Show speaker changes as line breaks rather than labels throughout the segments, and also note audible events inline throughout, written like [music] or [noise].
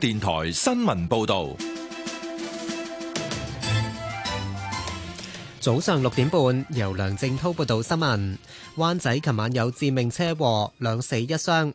電台新聞報道，
早上六點半，由梁正濤報道新聞。灣仔琴晚有致命車禍，兩死一傷。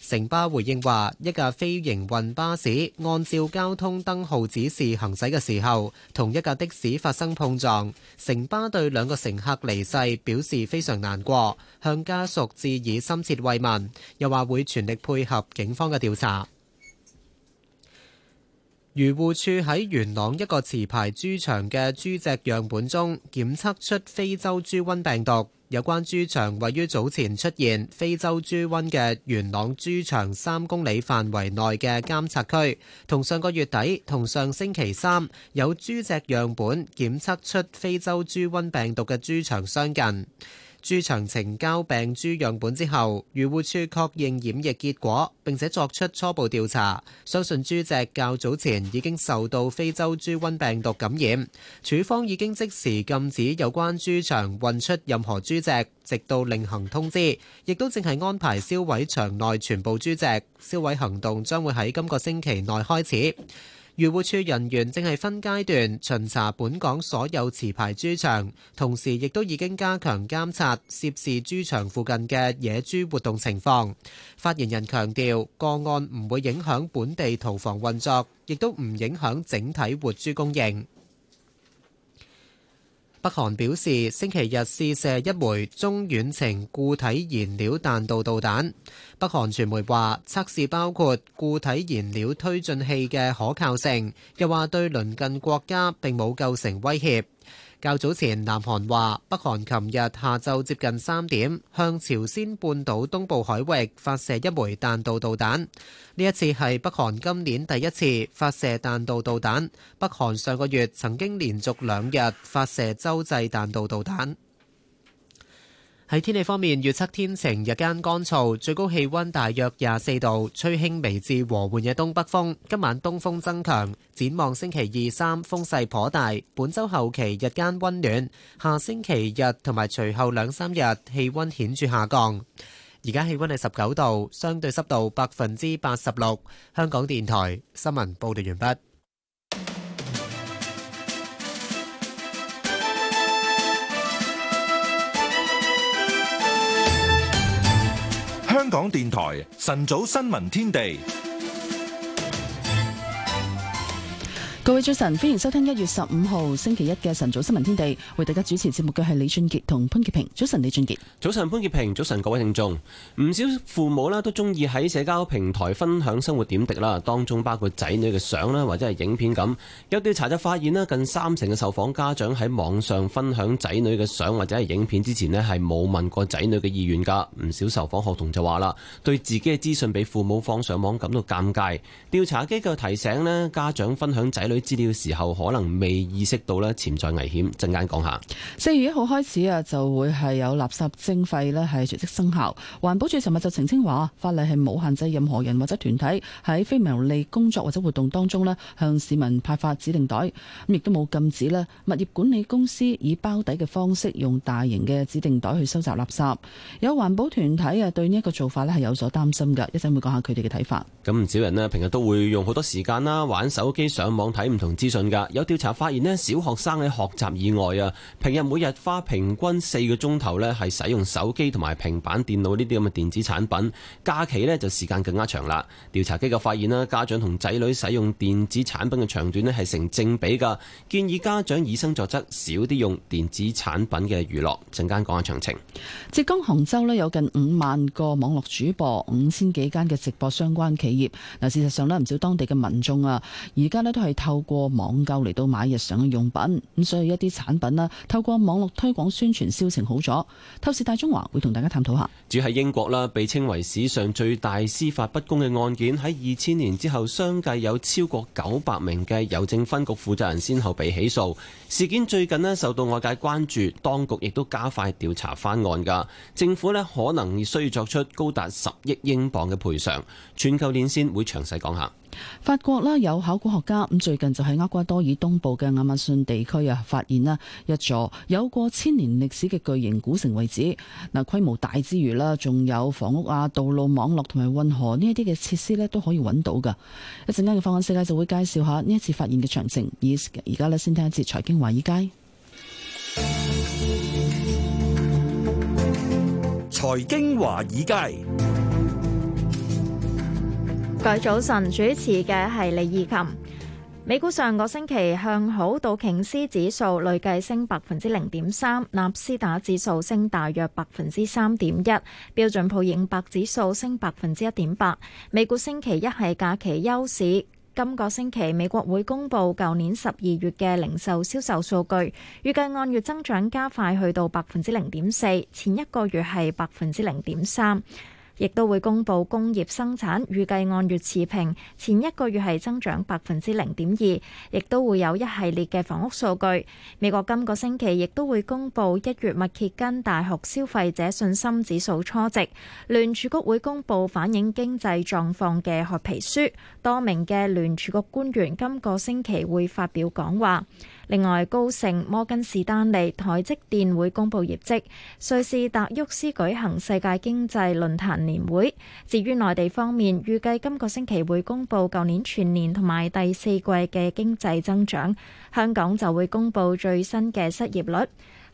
城巴回應話：一架非營運巴士按照交通燈號指示行駛嘅時候，同一架的士發生碰撞。城巴對兩個乘客離世表示非常難過，向家屬致以深切慰問，又話會全力配合警方嘅調查。漁護署喺元朗一個持牌豬場嘅豬隻樣本中檢測出非洲豬瘟病毒。有關豬場位於早前出現非洲豬瘟嘅元朗豬場三公里範圍內嘅監測區，同上個月底同上星期三有豬隻樣本檢測出非洲豬瘟病毒嘅豬場相近。豬場呈交病豬樣本之後，漁護處確認檢疫結果，並且作出初步調查，相信豬隻較早前已經受到非洲豬瘟病毒感染。處方已經即時禁止有關豬場運出任何豬隻，直到另行通知。亦都正係安排銷毀場內全部豬隻，銷毀行動將會喺今個星期內開始。漁護署人員正係分階段巡查本港所有持牌豬場，同時亦都已經加強監察涉事豬場附近嘅野豬活動情況。發言人強調，個案唔會影響本地屠房運作，亦都唔影響整體活豬供應。北韓表示星期日試射一枚中遠程固體燃料彈道導彈。北韓傳媒話，測試包括固體燃料推進器嘅可靠性，又話對鄰近國家並冇構成威脅。較早前，南韓話北韓琴日下晝接近三點，向朝鮮半島東部海域發射一枚彈道導彈。呢一次係北韓今年第一次發射彈道導彈。北韓上個月曾經連續兩日發射洲際彈道導彈。喺天氣方面，預測天晴，日間乾燥，最高氣溫大約廿四度，吹輕微至和緩嘅東北風。今晚東風增強，展望星期二三風勢頗大。本周後期日間溫暖，下星期日同埋隨後兩三日氣溫顯著下降。而家氣溫係十九度，相對濕度百分之八十六。香港電台新聞報道完畢。
港電台晨早新聞天地。
各位早晨，歡迎收聽一月十五號星期一嘅晨早新聞天地，為大家主持節目嘅係李俊杰同潘潔平。早晨，李俊杰。
早晨，潘潔平。早晨，各位聽眾。唔少父母啦都中意喺社交平台分享生活點滴啦，當中包括仔女嘅相啦，或者係影片咁。有調查就發現啦，近三成嘅受訪家長喺網上分享仔女嘅相或者係影片之前咧係冇問過仔女嘅意願噶。唔少受訪學童就話啦，對自己嘅資訊俾父母放上網感到尷尬。調查機構提醒咧，家長分享仔女。資料時候可能未意識到咧潛在危險，陣間講下。
四月一號開始啊，就會係有垃圾徵費咧，係隨即生效。環保署尋日就澄清話，法例係冇限制任何人或者團體喺非牟利工作或者活動當中咧，向市民派發指定袋，咁亦都冇禁止咧物業管理公司以包底嘅方式用大型嘅指定袋去收集垃圾。有環保團體啊，對呢一個做法咧係有所擔心噶，一陣會講下佢哋嘅睇法。
咁唔少人咧，平日都會用好多時間啦，玩手機、上網睇。唔同資訊㗎，有調查發現呢小學生喺學習以外啊，平日每日花平均四個鐘頭呢係使用手機同埋平板電腦呢啲咁嘅電子產品。假期呢就時間更加長啦。調查機構發現啦，家長同仔女使用電子產品嘅長短呢係成正比㗎。建議家長以身作則，少啲用電子產品嘅娛樂。陣間講下詳情。
浙江杭州呢有近五萬個網絡主播，五千幾間嘅直播相關企業。嗱，事實上呢，唔少當地嘅民眾啊，而家呢都係透過。透過網購嚟到買日常嘅用品，咁所以一啲產品啦，透過網絡推廣宣傳，銷情好咗。透視大中華會同大家探討下。
住喺英國啦，被稱為史上最大司法不公嘅案件，喺二千年之後，相繼有超過九百名嘅郵政分局負責人先後被起訴。事件最近呢，受到外界關注，當局亦都加快調查翻案噶。政府呢，可能需要作出高達十億英鎊嘅賠償。全球連線會詳細講下。
法國啦有考古學家咁最近就喺厄瓜多爾東部嘅亞馬遜地區啊發現啦一座有過千年歷史嘅巨型古城遺址。嗱，規模大之餘啦，仲有房屋啊、道路網絡同埋運河呢一啲嘅設施咧都可以揾到噶。一陣間嘅放眼世界就會介紹下呢一次發現嘅詳情。而家咧先聽一次財經華爾街。財經華爾街。
早晨，主持嘅係李意琴。美股上個星期向好，道瓊斯指數累計升百分之零點三，納斯達指數升大約百分之三點一，標準普爾五百指數升百分之一點八。美股星期一係假期休市。今個星期美國會公布舊年十二月嘅零售銷售數據，預計按月增長加快，去到百分之零點四，前一個月係百分之零點三。亦都會公布工業生產預計按月持平，前一個月係增長百分之零點二。亦都會有一系列嘅房屋數據。美國今個星期亦都會公布一月密歇根大學消費者信心指數初值。聯儲局會公布反映經濟狀況嘅褐皮書。多名嘅聯儲局官員今個星期會發表講話。另外，高盛、摩根士丹利、台積電會公布業績，瑞士達沃斯舉行世界經濟論壇年會，至於內地方面，預計今個星期會公布舊年全年同埋第四季嘅經濟增長，香港就會公布最新嘅失業率。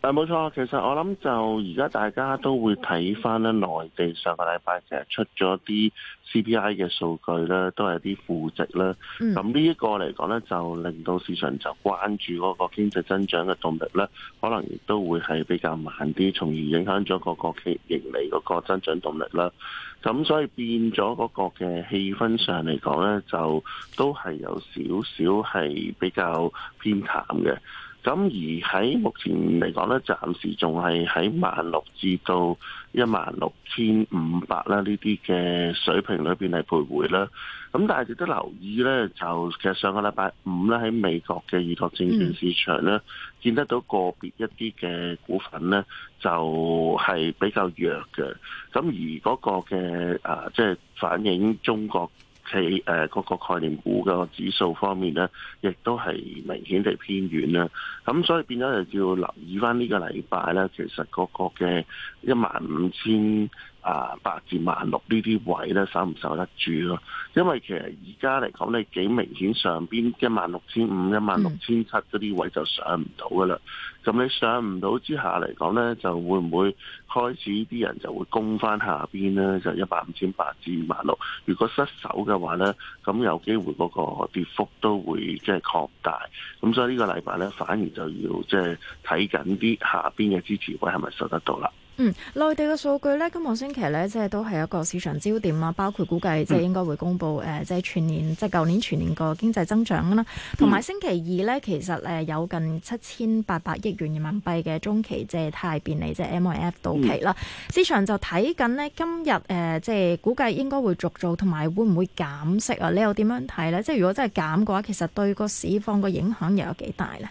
但冇錯，其實我諗就而家大家都會睇翻咧內地上個禮拜成日出咗啲 CPI 嘅數據咧，都係啲負值啦。咁、嗯、呢一個嚟講咧，就令到市場就關注嗰個經濟增長嘅動力咧，可能亦都會係比較慢啲，從而影響咗嗰個企業盈利嗰個增長動力啦。咁所以變咗嗰個嘅氣氛上嚟講咧，就都係有少少係比較偏淡嘅。咁而喺目前嚟講咧，暫時仲係喺萬六至到一萬六千五百啦，呢啲嘅水平裏邊係徘徊啦。咁但係值得留意咧，就其實上個禮拜五咧喺美國嘅預託證券市場咧，見得到個別一啲嘅股份咧，就係比較弱嘅。咁而嗰個嘅啊，即係反映中國。佢誒嗰個概念股嘅指數方面咧，亦都係明顯地偏遠啦。咁所以變咗就要留意翻呢個禮拜咧，其實嗰個嘅一萬五千。啊，百至萬六呢啲位咧，守唔守得住咯、啊？因為其實而家嚟講，你幾明顯上邊一萬六千五、一萬六千七嗰啲位就上唔到噶啦。咁、嗯、你上唔到之下嚟講咧，就會唔會開始啲人就會攻翻下邊咧？就一百五千八至萬六。如果失守嘅話咧，咁有機會嗰個跌幅都會即係擴大。咁所以呢個禮拜咧，反而就要即係睇緊啲下邊嘅支持位係咪守得到啦？
嗯，內地嘅數據咧，今個星期咧即係都係一個市場焦點啦，包括估計即係應該會公布誒、嗯呃，即係全年即係舊年全年個經濟增長啦，同埋星期二咧，其實誒有近七千八百億元人民幣嘅中期借貸便利、嗯、即係 MLF 到期啦，嗯、市場就睇緊呢今日誒、呃，即係估計應該會續做，同埋會唔會減息啊？你又點樣睇咧？即係如果真係減嘅話，其實對個市況個影響又有幾大咧？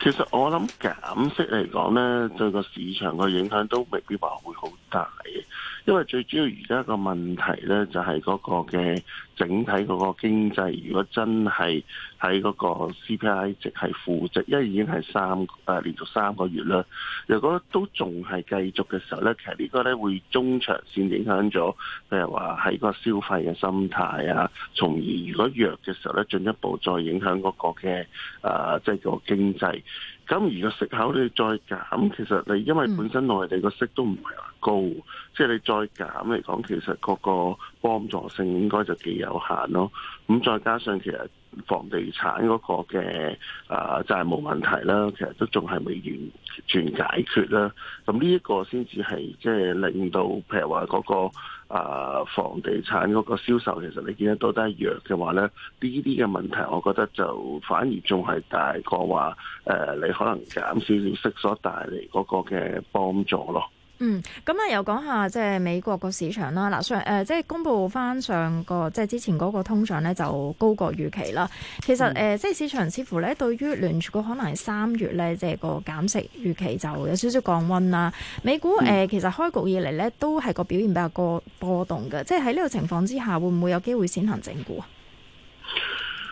其實我諗減息嚟講咧，對個市場嘅影響都未必話會好大嘅。因為最主要而家個問題呢，就係、是、嗰個嘅整體嗰個經濟，如果真係喺嗰個 CPI 值係負值，因為已經係三啊連續三個月啦。如果都仲係繼續嘅時候呢，其實呢個呢會中長線影響咗，譬如話喺個消費嘅心態啊，從而如果弱嘅時候呢，進一步再影響嗰個嘅啊，即、就、係、是、個經濟。咁而個食口你再減，其實你因為本身內地個息都唔係話高，嗯、即係你再減嚟講，其實個個幫助性應該就幾有限咯。咁再加上其實房地產嗰個嘅啊債務、就是、問題啦，其實都仲係未完完全解決啦。咁呢一個先至係即係令到譬如話嗰、嗰個。啊，房地產嗰個銷售其實你見得多都係弱嘅話咧，呢啲嘅問題，我覺得就反而仲係大過話，誒、呃，你可能減少少息所帶嚟嗰個嘅幫助咯。
嗯，咁啊，又講下即係美國個市場啦。嗱上誒，即係公布翻上，上個即係之前嗰個通脹咧，就高過預期啦。其實誒、嗯呃，即係市場似乎咧，對於聯儲局可能係三月咧，即係個減息預期就有少少降溫啦。美股誒、呃，其實開局以嚟咧都係個表現比較過波動嘅。即係喺呢個情況之下，會唔會有機會先行整固啊？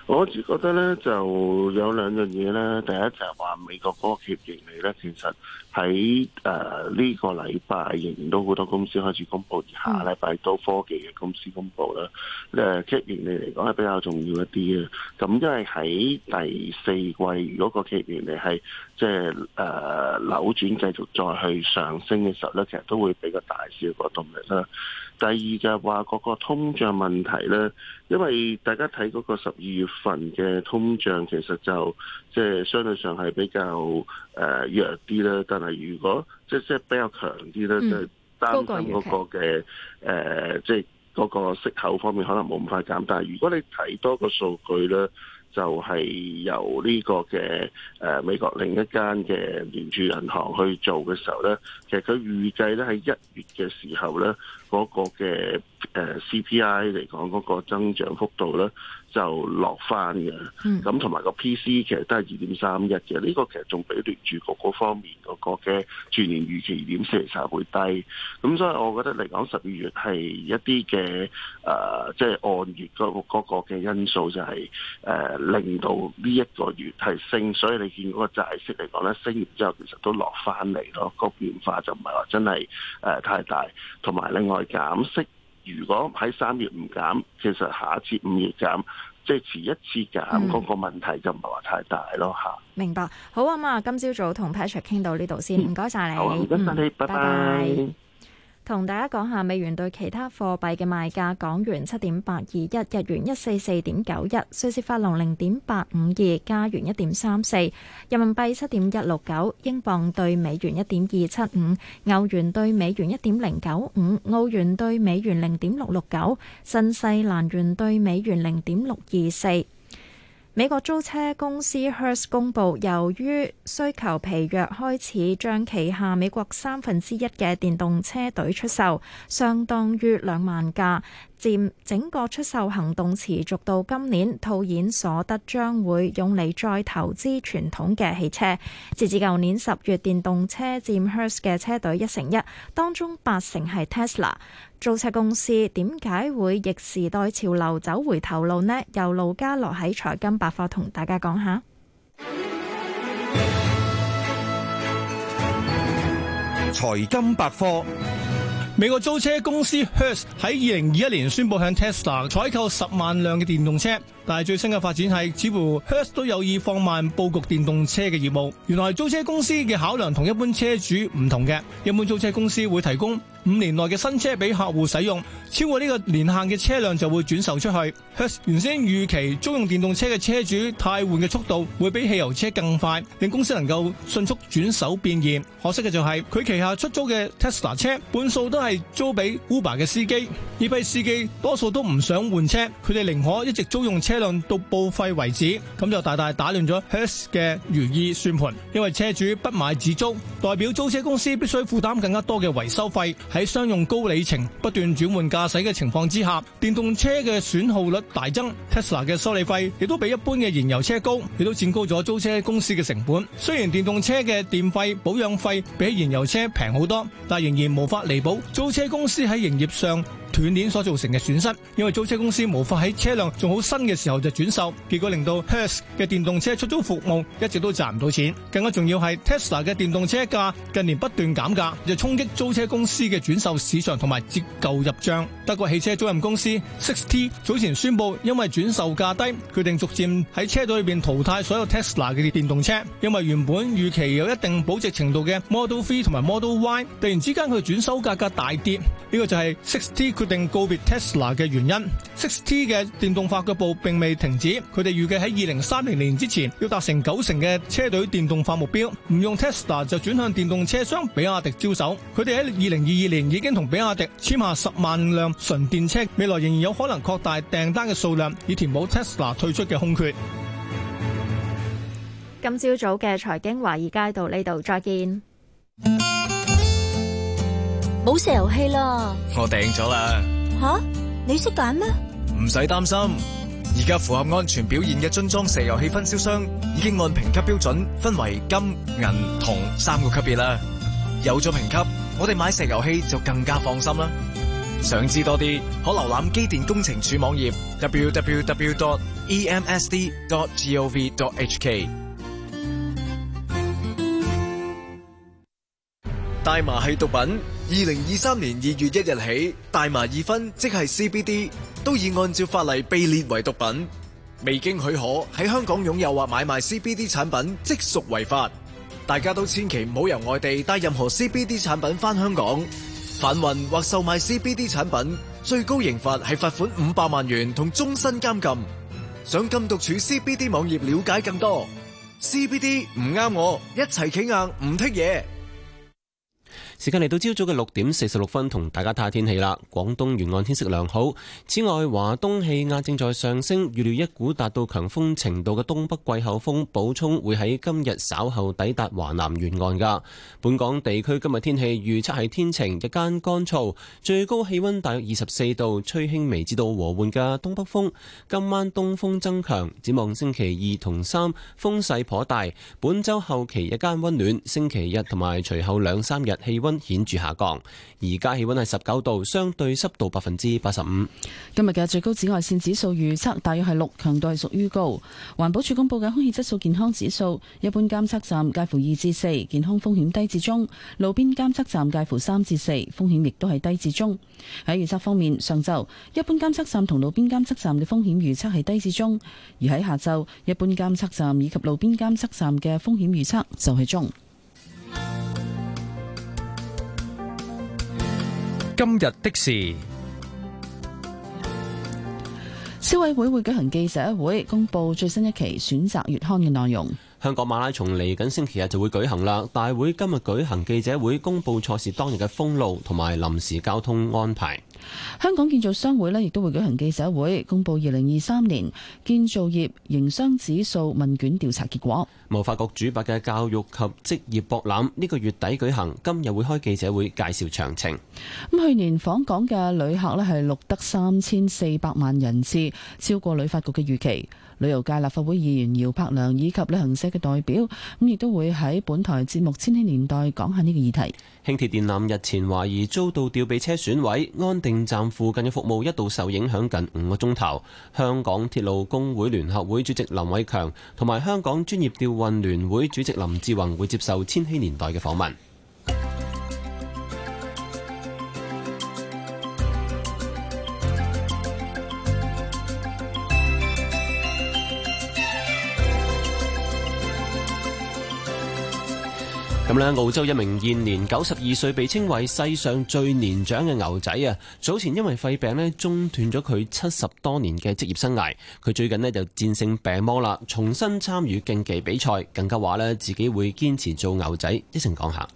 我自覺得咧就有兩樣嘢咧，第一就係、是、話美國嗰個協議嚟咧，其實。喺誒呢個禮拜，仍然都好多公司開始公布，而下禮拜都科技嘅公司公布啦。誒，盈利嚟講係比較重要一啲啦。咁因為喺第四季，如果個盈利嚟係即係誒扭轉，繼續再去上升嘅時候咧，其實都會比較大少個動力啦。第二就係話嗰個通脹問題咧，因為大家睇嗰個十二月份嘅通脹，其實就即係、就是、相對上係比較誒弱啲啦。係，如果即係即係比較強啲咧，就擔心嗰個嘅誒，即係嗰個息口方面可能冇咁快減。但係如果你睇多個數據咧，就係、是、由呢個嘅誒、呃、美國另一間嘅聯儲銀行去做嘅時候咧，其實佢預計咧喺一月嘅時候咧，嗰、嗰個嘅。誒 CPI 嚟講嗰個增長幅度咧就落翻嘅，咁同埋個 PC 其實都係二點三一嘅，呢、這個其實仲比聯儲局嗰方面嗰、那個嘅全年預期二點四其實會低，咁所以我覺得嚟講十二月係一啲嘅誒，即、呃、係、就是、按月嗰個嘅因素就係、是、誒、呃、令到呢一個月係升，所以你見嗰個債息嚟講咧升完之後其實都落翻嚟咯，那個變化就唔係話真係誒、呃、太大，同埋另外減息。如果喺三月唔減，其實下一次五月減，即係遲一次減，嗰、嗯、個問題就唔係話太大咯嚇。
明白，好啊嘛、嗯，今朝早同 Patrick 傾到呢度先，唔該晒你，好、啊，祝你拜拜。同大家講下美元對其他貨幣嘅賣價：港元七點八二一，日元一四四點九一，瑞士法郎零點八五二，加元一點三四，人民幣七點一六九，英鎊兌美元一點二七五，歐元兌美元一點零九五，澳元兌美元零點六六九，新西蘭元兌美元零點六二四。美國租車公司 Hertz 公佈，由於需求疲弱，開始將旗下美國三分之一嘅電動車隊出售，相當於兩萬架，佔整個出售行動持續到今年。套現所得將會用嚟再投資傳統嘅汽車。截至舊年十月，電動車佔 Hertz 嘅車隊一成一，當中八成係 Tesla。租車公司點解會逆時代潮流走回頭路呢？由盧家樂喺財金百科同大家講下。
財金百科，美國租車公司 Hertz 喺二零二一年宣布向 Tesla 採購十萬輛嘅電動車。但係最新嘅發展係，似乎 Hertz 都有意放慢布局電動車嘅業務。原來租車公司嘅考量同一般車主唔同嘅，一般租車公司會提供五年內嘅新車俾客戶使用，超過呢個年限嘅車輛就會轉售出去。Hertz 原先預期租用電動車嘅車主替換嘅速度會比汽油車更快，令公司能夠迅速轉手變現。可惜嘅就係佢旗下出租嘅 Tesla 車，半數都係租俾 Uber 嘅司機。呢批司機多數都唔想換車，佢哋寧可一直租用車輛到報廢為止，咁就大大打亂咗 Hertz 嘅如意算盤。因為車主不買自租，代表租車公司必須負擔更加多嘅維修費。喺商用高里程不斷轉換駕駛嘅情況之下，電動車嘅損耗率大增。Tesla 嘅修理費亦都比一般嘅燃油車高，亦都佔高咗租車公司嘅成本。雖然電動車嘅電費、保養費比燃油車平好多，但仍然無法彌補租車公司喺營業上斷鏈所造成嘅損失，因為租車公司無法喺車輛仲好新嘅時候就轉售，結果令到 Hertz 嘅電動車出租服務一直都賺唔到錢。更加重要係 Tesla 嘅電動車價近年不斷減價，就衝擊租車公司嘅轉售市場同埋折舊入賬。德國汽車租賃公司 Sixt 早前宣布，因為轉售價低，決定逐漸喺車隊裏邊淘汰所有 Tesla 嘅電動車，因為原本預期有一定保值程度嘅 Model 3同埋 Model Y，突然之間佢轉售價格大跌，呢、這個就係 Sixt 決定告別 Tesla 嘅原因，Sixt 嘅電動化腳步並未停止。佢哋預計喺二零三零年之前要達成九成嘅車隊電動化目標。唔用 Tesla 就轉向電動車商比亞迪招手。佢哋喺二零二二年已經同比亞迪簽下十萬輛純電車，未來仍然有可能擴大訂單嘅數量，以填補 Tesla 退出嘅空缺。
今朝早嘅財經華爾街到呢度再見。冇石油氣啦，
我訂咗啦。
吓，你識揀咩？
唔使擔心，而家符合安全表現嘅樽裝石油氣分銷商已經按評級標準分為金、銀、銅三個級別啦。有咗評級，我哋買石油氣就更加放心啦。想知多啲，可瀏覽機電工程署網頁 www.emsd.gov.hk。大麻係毒品。二零二三年二月一日起，大麻二酚即係 CBD，都已按照法例被列為毒品。未經許可喺香港擁有或買賣 CBD 產品，即屬違法。大家都千祈唔好由外地帶任何 CBD 產品翻香港。販運或售賣 CBD 產品，最高刑罰係罰款五百萬元同終身監禁。想禁毒處 CBD 網頁了解更多。CBD 唔啱我，一齊企硬唔 take 嘢。
時間嚟到朝早嘅六點四十六分，同大家睇下天氣啦。廣東沿岸天色良好，此外華東氣壓正在上升，預料一股達到強風程度嘅東北季候風補充會喺今日稍後抵達華南沿岸噶。本港地區今日天氣預測係天晴，日間乾燥，最高氣溫大約二十四度，吹輕微至到和緩嘅東北風。今晚東風增強，展望星期二同三風勢頗大。本週後期日間溫暖，星期一同埋隨後兩三日氣溫顯著下降，而家氣溫係十九度，相對濕度百分之八十五。
今日嘅最高紫外線指數預測大約係六，強度係屬於高。環保署公佈嘅空氣質素健康指數，一般監測站介乎二至四，健康風險低至中；路邊監測站介乎三至四，風險亦都係低至中。喺預測方面，上晝一般監測站同路邊監測站嘅風險預測係低至中，而喺下晝一般監測站以及路邊監測站嘅風險預測就係中。 [noise] 今日的事，消委會會舉行記者會，公布最新一期選擇月刊嘅內容。
香港馬拉松嚟緊星期日就會舉行啦。大會今日舉行記者會，公布賽事當日嘅封路同埋臨時交通安排。
香港建造商會呢亦都會舉行記者會，公布二零二三年建造業營商指數問卷調查結果。
貿發局主辦嘅教育及職業博覽呢個月底舉行，今日會開記者會介紹詳情。
去年訪港嘅旅客呢係錄得三千四百萬人次，超過旅發局嘅預期。旅遊界立法會議員姚柏良以及旅行社嘅代表，咁亦都會喺本台節目《千禧年代》講下呢個議題。
輕鐵電纜日前懷疑遭到吊臂車損毀，安定站附近嘅服務一度受影響近五個鐘頭。香港鐵路工會聯合會主席林偉強同埋香港專業調運聯會主席林志宏會接受《千禧年代》嘅訪問。咁咧，澳洲一名現年九十二歲，被稱為世上最年長嘅牛仔啊！早前因為肺病咧中斷咗佢七十多年嘅職業生涯，佢最近咧就戰勝病魔啦，重新參與競技比賽，更加話咧自己會堅持做牛仔。一陣講下，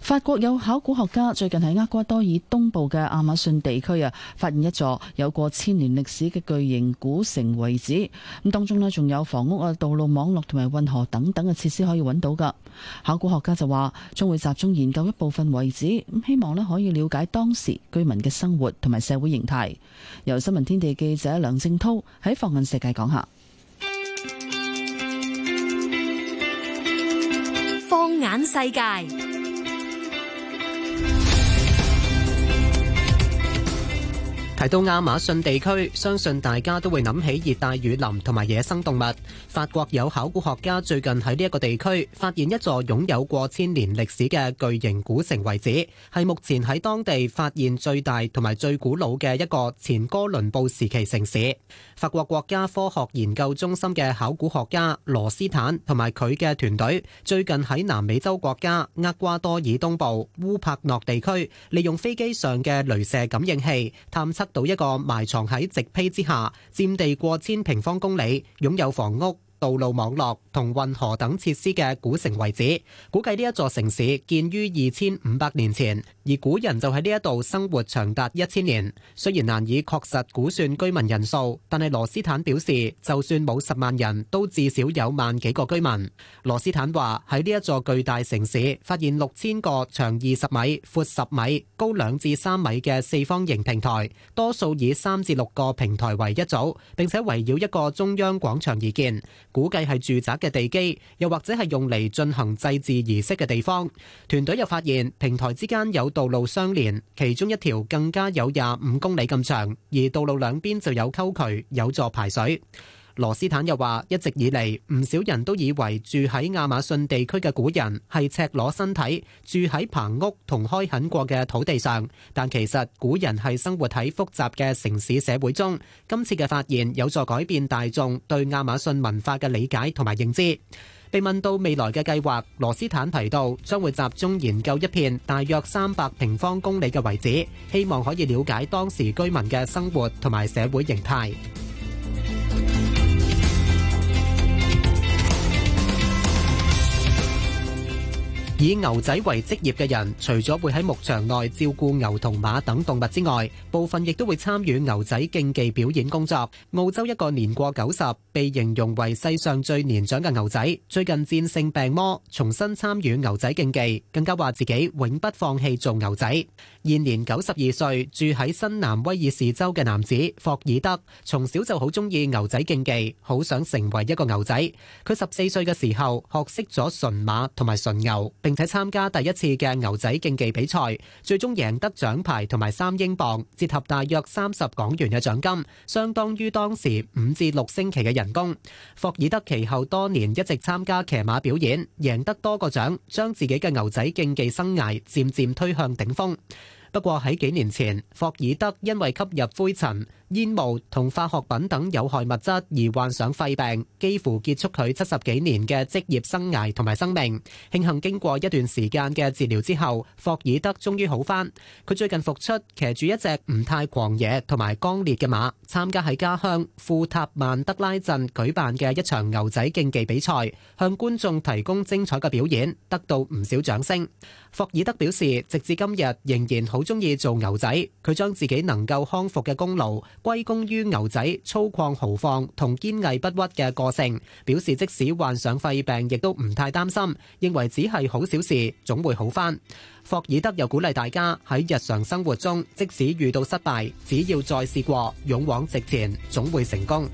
法國有考古學家最近喺厄瓜多爾東部嘅亞馬遜地區啊，發現一座有過千年歷史嘅巨型古城遺址，咁當中咧仲有房屋啊、道路網絡同埋運河等等嘅設施可以揾到噶。考古學家就。話將會集中研究一部分遺址，咁希望咧可以了解當時居民嘅生活同埋社會形態。由新聞天地記者梁正濤喺放眼世界講下，
放眼世界。
提到亞馬遜地區，相信大家都會諗起熱帶雨林同埋野生動物。法國有考古學家最近喺呢一個地區發現一座擁有過千年歷史嘅巨型古城遺址，係目前喺當地發現最大同埋最古老嘅一個前哥倫布時期城市。法國國家科學研究中心嘅考古學家羅斯坦同埋佢嘅團隊最近喺南美洲國家厄瓜多爾東部烏帕諾地區，利用飛機上嘅雷射感應器探測。到一個埋藏喺直胚之下，佔地過千平方公里，擁有房屋、道路網絡同運河等設施嘅古城遺址，估計呢一座城市建於二千五百年前，而古人就喺呢一度生活長達一千年。雖然難以確實估算居民人數，但係羅斯坦表示，就算冇十萬人，都至少有萬幾個居民。羅斯坦話喺呢一座巨大城市發現六千個長二十米、闊十米、高兩至三米嘅四方形平台，多數以三至六個平台為一組，並且圍繞一個中央廣場而建。估計係住宅嘅地基，又或者係用嚟進行祭祀儀式嘅地方。團隊又發現平台之間有道路相連，其中一條更加有廿五公里咁長，而道路兩邊就有溝渠，有助排水。羅斯坦又話：一直以嚟，唔少人都以為住喺亞馬遜地區嘅古人係赤裸身體，住喺棚屋同開墾過嘅土地上。但其實古人係生活喺複雜嘅城市社會中。今次嘅發現有助改變大眾對亞馬遜文化嘅理解同埋認知。被問到未來嘅計劃，羅斯坦提到將會集中研究一片大約三百平方公里嘅遺址，希望可以了解當時居民嘅生活同埋社會形態。以牛仔為職業嘅人，除咗會喺牧場內照顧牛同馬等動物之外，部分亦都會參與牛仔競技表演工作。澳洲一個年過九十，被形容為世上最年長嘅牛仔，最近戰勝病魔，重新參與牛仔競技，更加話自己永不放棄做牛仔。現年九十二歲，住喺新南威爾士州嘅男子霍爾德，從小就好中意牛仔競技，好想成為一個牛仔。佢十四歲嘅時候學識咗馴馬同埋馴牛，並且參加第一次嘅牛仔競技比賽，最終贏得獎牌同埋三英鎊，折合大約三十港元嘅獎金，相當於當時五至六星期嘅人工。霍爾德其後多年一直參加騎馬表演，贏得多個獎，將自己嘅牛仔競技生涯漸漸推向頂峰。不過喺幾年前，霍爾德因為吸入灰塵，煙霧同化學品等有害物質而患上肺病，幾乎結束佢七十幾年嘅職業生涯同埋生命。慶幸經過一段時間嘅治療之後，霍爾德終於好返。佢最近復出，騎住一隻唔太狂野同埋剛烈嘅馬，參加喺家鄉庫塔曼德拉鎮舉辦嘅一場牛仔競技比賽，向觀眾提供精彩嘅表演，得到唔少掌聲。霍爾德表示，直至今日仍然好鍾意做牛仔。佢將自己能夠康復嘅功勞，歸功於牛仔粗獷豪放同堅毅不屈嘅個性，表示即使患上肺病，亦都唔太擔心，認為只係好小事，總會好返。霍爾德又鼓勵大家喺日常生活中，即使遇到失敗，只要再試過，勇往直前，總會成功。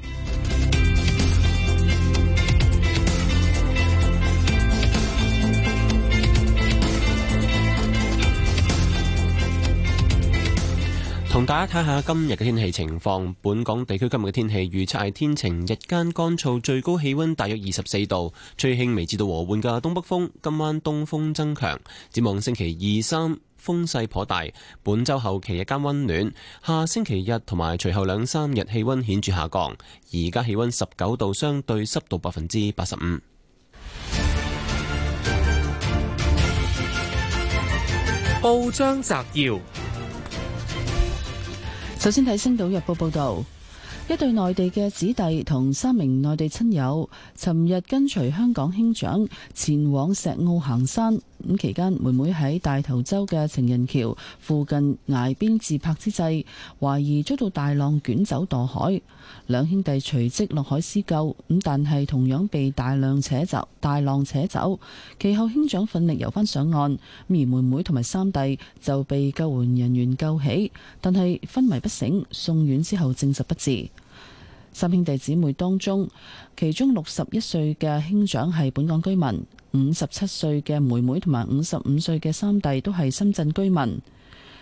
同大家睇下今日嘅天氣情況。本港地區今日嘅天氣預測係天晴，日間乾燥，最高氣溫大約二十四度，吹輕微至到和緩嘅東北風。今晚東風增強，展望星期二三風勢頗大。本周後期日間溫暖，下星期日同埋隨後兩三日氣溫顯著下降。而家氣溫十九度，相對濕度百分之八十五。報章摘要。
首先睇《星島日報》報道。一對內地嘅子弟同三名內地親友，尋日跟隨香港兄長前往石澳行山。咁期間，妹妹喺大頭洲嘅情人橋附近崖邊自拍之際，懷疑遭到大浪捲走墮海。兩兄弟隨即落海施救，咁但係同樣被大量扯走、大浪扯走。其後，兄長奮力遊翻上岸，而妹妹同埋三弟就被救援人員救起，但係昏迷不醒，送院之後證實不治。三兄弟姊妹當中，其中六十一歲嘅兄長係本港居民，五十七歲嘅妹妹同埋五十五歲嘅三弟都係深圳居民。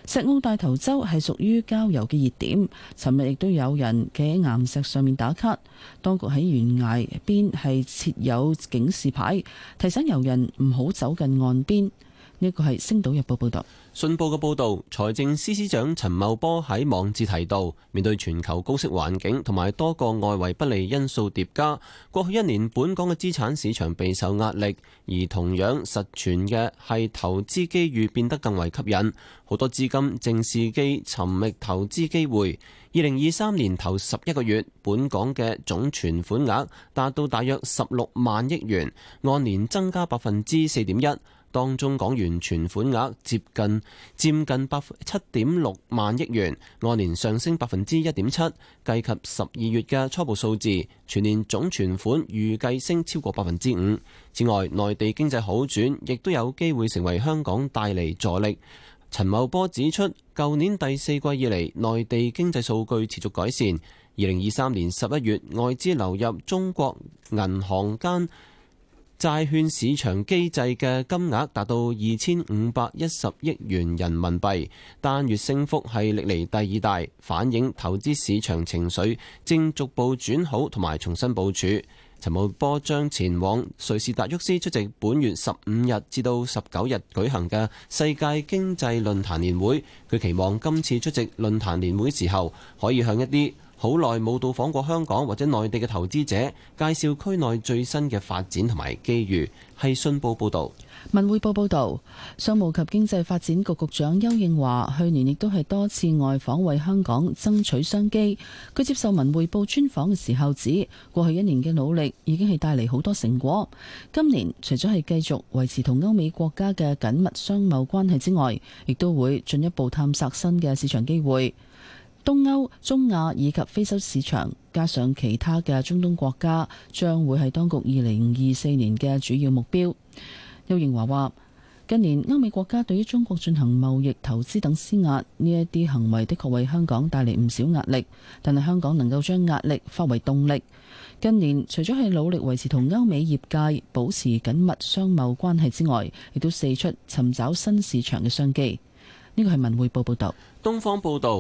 石澳大頭洲係屬於郊遊嘅熱點，尋日亦都有人企喺岩石上面打卡。當局喺懸崖邊係設有警示牌，提醒遊人唔好走近岸邊。呢個係《星島日報》報道。
信報嘅報導，財政司司長陳茂波喺網誌提到，面對全球高息環境同埋多個外圍不利因素疊加，過去一年本港嘅資產市場備受壓力，而同樣實存嘅係投資機遇變得更為吸引，好多資金正伺機尋覓投資機會。二零二三年頭十一個月，本港嘅總存款額達到大約十六萬億元，按年增加百分之四點一。當中港元存款額接近佔近七點六萬億元，按年上升百分之一點七，計及十二月嘅初步數字，全年總存款預計升超過百分之五。此外，內地經濟好轉，亦都有機會成為香港帶嚟助力。陳茂波指出，舊年第四季以嚟，內地經濟數據持續改善，二零二三年十一月外資流入中國銀行間。債券市場機制嘅金額達到二千五百一十億元人民幣，單月升幅係歷嚟第二大，反映投資市場情緒正逐步轉好同埋重新部署。陳茂波將前往瑞士達沃斯出席本月十五日至到十九日舉行嘅世界經濟論壇年會，佢期望今次出席論壇年會時候可以向一啲好耐冇到訪過香港或者內地嘅投資者，介紹區內最新嘅發展同埋機遇，係信報報導、
文匯報報導。商務及經濟發展局局長邱應華去年亦都係多次外訪為香港爭取商機。佢接受文匯報專訪嘅時候指，過去一年嘅努力已經係帶嚟好多成果。今年除咗係繼續維持同歐美國家嘅緊密商貿關係之外，亦都會進一步探索新嘅市場機會。東歐、中亞以及非洲市場，加上其他嘅中東國家，將會係當局二零二四年嘅主要目標。邱盈華話：近年歐美國家對於中國進行貿易、投資等施壓，呢一啲行為的確為香港帶嚟唔少壓力。但係香港能夠將壓力化為動力。近年除咗係努力維持同歐美業界保持緊密商貿關係之外，亦都四出尋找新市場嘅商機。呢個係文匯報報道報導，《
東方報道》。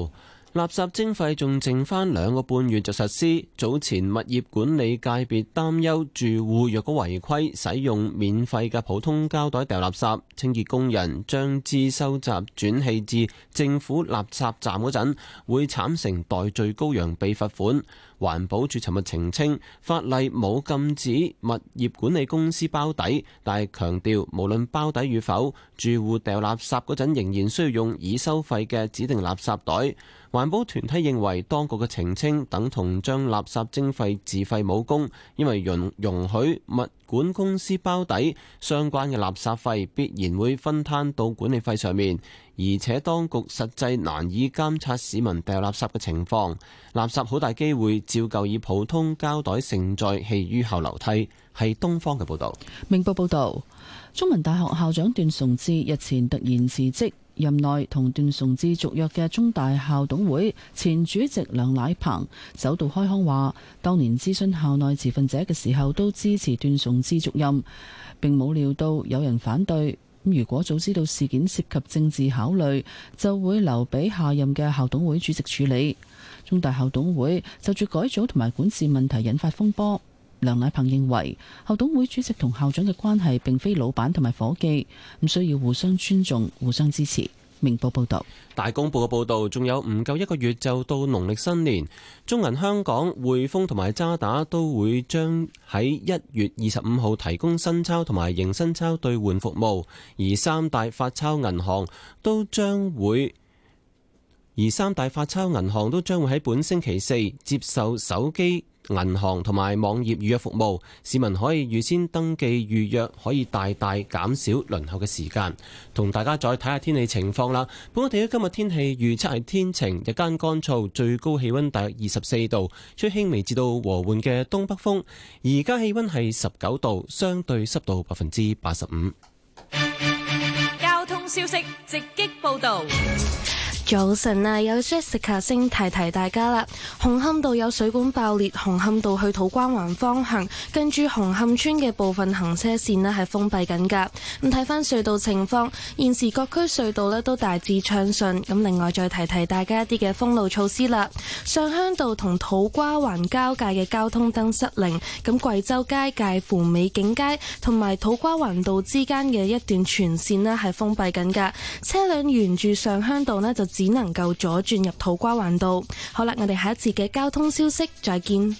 垃圾徵費仲剩翻兩個半月就實施。早前物業管理界別擔憂，住戶若果違規使用免費嘅普通膠袋掉垃圾，清潔工人將之收集轉棄至政府垃圾站嗰陣，會慘成代罪羔羊被罰款。環保署尋日澄清，法例冇禁止物業管理公司包底，但係強調無論包底與否，住戶掉垃圾嗰陣仍然需要用已收費嘅指定垃圾袋。環保團體認為，當局嘅澄清，等同將垃圾徵費自廢武功，因為容容許物管公司包底相關嘅垃圾費，必然會分攤到管理費上面，而且當局實際難以監察市民掉垃圾嘅情況，垃圾好大機會照舊以普通膠袋盛載棄於後樓梯。係東方嘅報道，
明報報道，中文大學校長段崇智日前突然辭職。任內同段崇智續約嘅中大校董會前主席梁乃鵬首度開腔話，當年諮詢校內持份者嘅時候都支持段崇智續任，並冇料到有人反對。如果早知道事件涉及政治考慮，就會留俾下任嘅校董會主席處理。中大校董會就住改組同埋管治問題引發風波。梁乃鵬認為，校董會主席同校長嘅關係並非老闆同埋夥計，咁需要互相尊重、互相支持。明報報道，
大公報嘅報道，仲有唔夠一個月就到農曆新年，中銀香港、匯豐同埋渣打都會將喺一月二十五號提供新鈔同埋迎新鈔兌換服務，而三大發鈔銀行都將會，而三大發鈔銀行都將會喺本星期四接受手機。銀行同埋網頁預約服務，市民可以預先登記預約，可以大大減少輪候嘅時間。同大家再睇下天氣情況啦。本港地區今日天氣預測係天晴，日間乾燥，最高氣溫大約二十四度，吹輕微至到和緩嘅東北風。而家氣溫係十九度，相對濕度百分之八十五。
交通消息直擊報道。
早晨啊，有 short 提提大家啦。紅磡道有水管爆裂，紅磡道去土瓜灣方向，跟住紅磡村嘅部分行車線呢係封閉緊㗎。咁睇翻隧道情況，現時各區隧道呢都大致暢順。咁另外再提提大家一啲嘅封路措施啦。上鄉道同土瓜灣交界嘅交通燈失靈，咁貴州街介乎美景街同埋土瓜灣道之間嘅一段全線呢係封閉緊㗎。車輛沿住上鄉道呢就。只能夠左轉入土瓜灣道。好啦，我哋下一次嘅交通消息再見。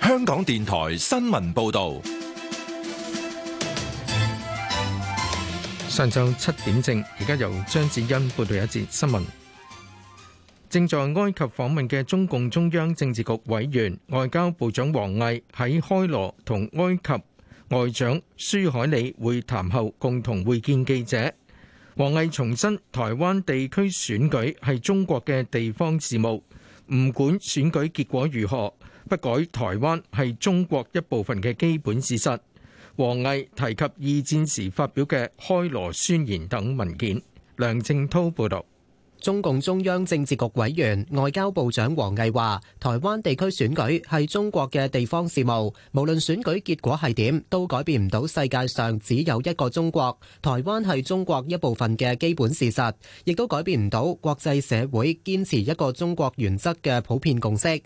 香港電台新聞報導。
上晝七點正，而家由張子欣報道一節新聞。正在埃及訪問嘅中共中央政治局委員、外交部長王毅喺開羅同埃及外長舒海里會談後，共同會見記者。王毅重申，台灣地區選舉係中國嘅地方事務，唔管選舉結果如何，不改台灣係中國一部分嘅基本事實。王毅提及二戰時發表嘅開羅宣言等
文件。梁正濤報道，中共中央政治局委員外交部長王毅話，台灣地區選舉係中國嘅地方事務，無論選舉結果係點，都改變唔到世界上只有一個中國，台灣係中國一部分嘅基本事實，亦都改變唔到國際社會堅持一個中國原則嘅普遍共識。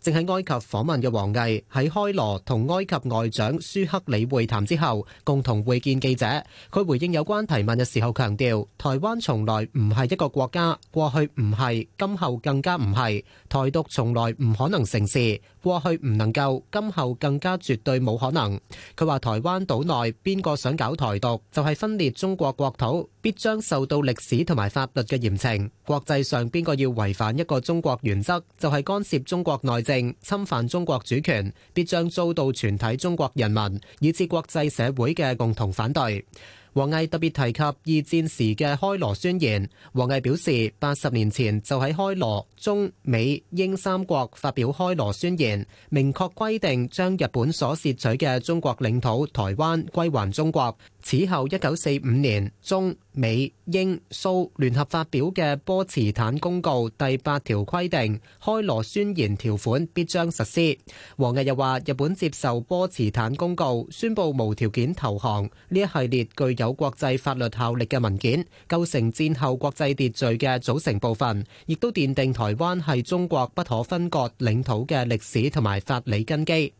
正喺埃及訪問嘅王毅喺開羅同埃及外長舒克里會談之後，共同會見記者。佢回應有關提問嘅時候強調：台灣從來唔係一個國家，過去唔係，今後更加唔係。台獨從來唔可能成事，過去唔能夠，今後更加絕對冇可能。佢話：台灣島內邊個想搞台獨，就係分裂中國國土。必將受到歷史同埋法律嘅嚴懲。國際上邊個要違反一個中國原則，就係干涉中國內政、侵犯中國主權，必將遭到全體中國人民以至國際社會嘅共同反對。王毅特別提及二戰時嘅開羅宣言。王毅表示，八十年前就喺開羅，中美英三國發表開羅宣言，明確規定將日本所竊取嘅中國領土台灣歸還中國。此後，一九四五年，中美英蘇聯合發表嘅波茨坦公告第八條規定，開羅宣言條款必將實施。王毅又話，日本接受波茨坦公告，宣布無條件投降。呢一系列具有國際法律效力嘅文件，構成戰後國際秩序嘅組成部分，亦都奠定台灣係中國不可分割領土嘅歷史同埋法理根基。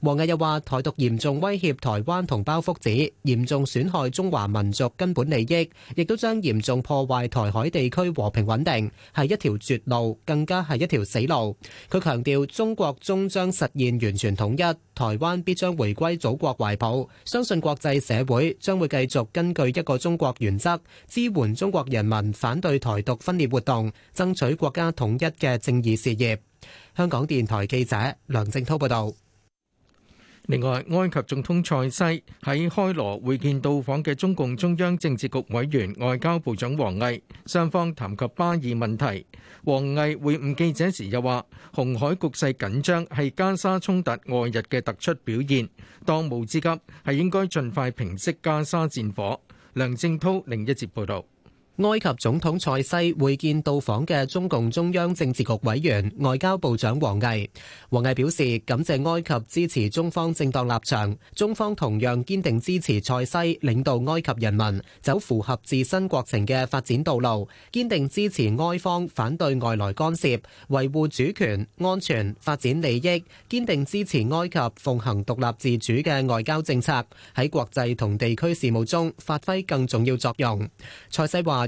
王毅又話，台獨嚴重威脅台灣同胞福祉，嚴重損害中華民族根本利益，亦都將嚴重破壞台海地區和平穩定，係一條絕路，更加係一條死路。佢強調，中國終將實現完全統一，台灣必將回歸祖國懷抱。相信國際社會將會繼續根據一個中國原則，支援中國人民反對台獨分裂活動，爭取國家統一嘅正義事業。香港電台記者梁靜濤報道。另外，埃
及總統塞西喺開羅會見到訪嘅中共中央政治局委員、外交部長王毅，雙方談及巴以問題。王毅會晤記者時又話：紅海局勢緊張係加沙衝突外日嘅突出表現，當務之急係應該盡快平息加沙戰火。梁正濤另一節報
道。埃及總統塞西會見到訪的中共中央政治局委員外交部長王毅。王毅表示，感謝埃及支持中方正當立場，中方同樣堅定支持塞西，領導埃及人民，走符合自身國情的發展道路，堅定支持埃方反對外來干涉，維護主權、安全、發展利益，堅定支持埃及，奉行獨立自主的外交政策，在國際和地區事務中，發揮更重要作用。塞西話。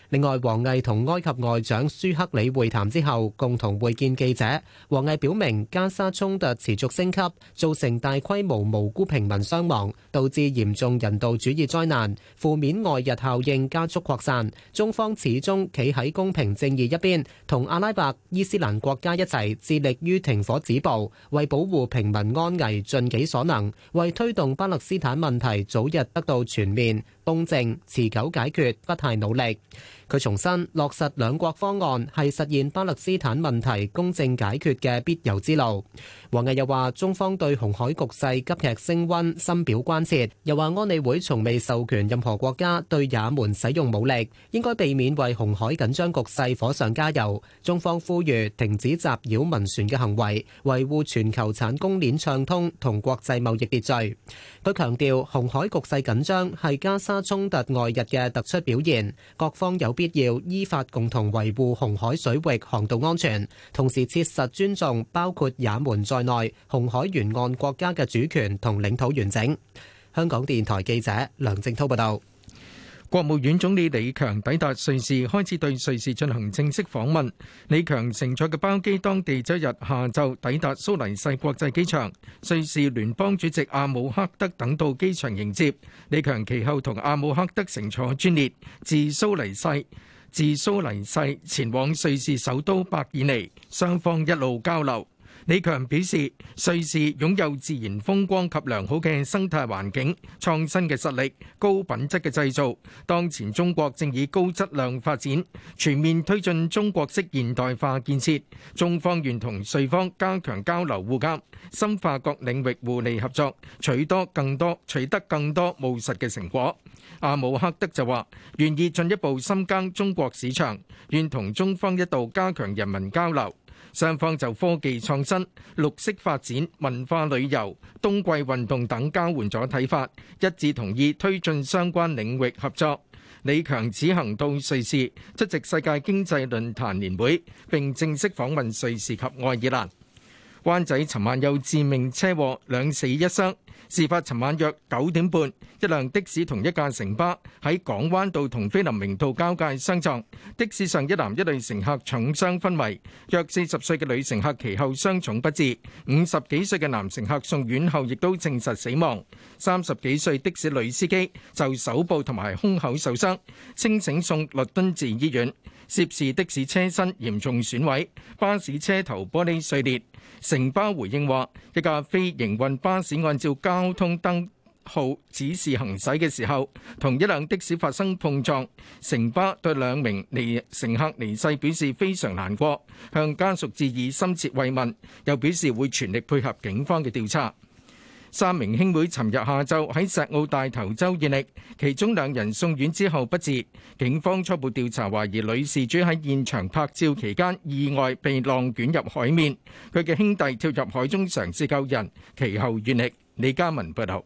另外，王毅同埃及外長舒克里會談之後，共同會見記者。王毅表明，加沙衝突持續升級，造成大規模無辜平民傷亡，導致嚴重人道主義災難，負面外溢效應加速擴散。中方始終企喺公平正義一邊，同阿拉伯伊斯蘭國家一齊致力於停火止暴，為保護平民安危盡己所能，為推動巴勒斯坦問題早日得到全面、公正、持久解決不懈努力。佢重申落實兩國方案，係實現巴勒斯坦問題公正解決嘅必由之路。王毅又話：中方對紅海局勢急劇升溫深表關切，又話安理會從未授權任何國家對也門使用武力，應該避免為紅海緊張局勢火上加油。中方呼籲停止襲擾民船嘅行為，維護全球產供鏈暢通同國際貿易秩序。佢強調紅海局勢緊張係加沙衝突外日嘅突出表現，各方有必要依法共同維護紅海水域航道安全，同時切實尊重包括也門在內紅海沿岸國家嘅主權同領土完整。香港電台記者梁靜濤報道。國務院總理李強抵達瑞士，開始對瑞士進行正式
訪問。李強乘坐嘅包機，當地周日下晝抵達蘇黎世國際機場。瑞士聯邦主席阿姆克德等到機場迎接。李強其後同阿姆克德乘坐專列，自蘇黎世自蘇黎世前往瑞士首都伯爾尼，雙方一路交流。李強表示，瑞士擁有自然風光及良好嘅生態環境、創新嘅實力、高品質嘅製造。當前中國正以高質量發展全面推進中國式現代化建設，中方願同瑞方加強交流互鑑，深化各領域互利合作，取得更多取得更多務實嘅成果。阿姆克德就話，願意進一步深耕中國市場，願同中方一道加強人民交流。雙方就科技創新、綠色發展、文化旅遊、冬季運動等交換咗睇法，一致同意推進相關領域合作。李強此行到瑞士出席世界經濟論壇年會，並正式訪問瑞士及愛爾蘭。灣仔尋晚有致命車禍，兩死一傷。事發尋晚約九點半，一輛的士同一架城巴喺港灣道同菲林明道交界相撞，的士上一男一女乘客重傷昏迷，約四十歲嘅女乘客其後傷重不治，五十幾歲嘅男乘客送院後亦都證實死亡。三十幾歲的的士女司機就手部同埋胸口受傷，清醒送律敦治醫院。涉事的士車身嚴重損毀，巴士車頭玻璃碎裂。城巴回應話：一架非營運巴士按照交通燈號指示行駛嘅時候，同一輛的士發生碰撞。城巴對兩名離乘客離世表示非常難過，向家屬致以深切慰問，又表示會全力配合警方嘅調查。三名兄妹尋日下晝喺石澳大頭洲遇溺，其中兩人送院之後不治。警方初步調查懷疑女事主喺現場拍照期間意外被浪捲入海面，佢嘅兄弟跳入海中嘗試救人，其後遇溺。李嘉文報道。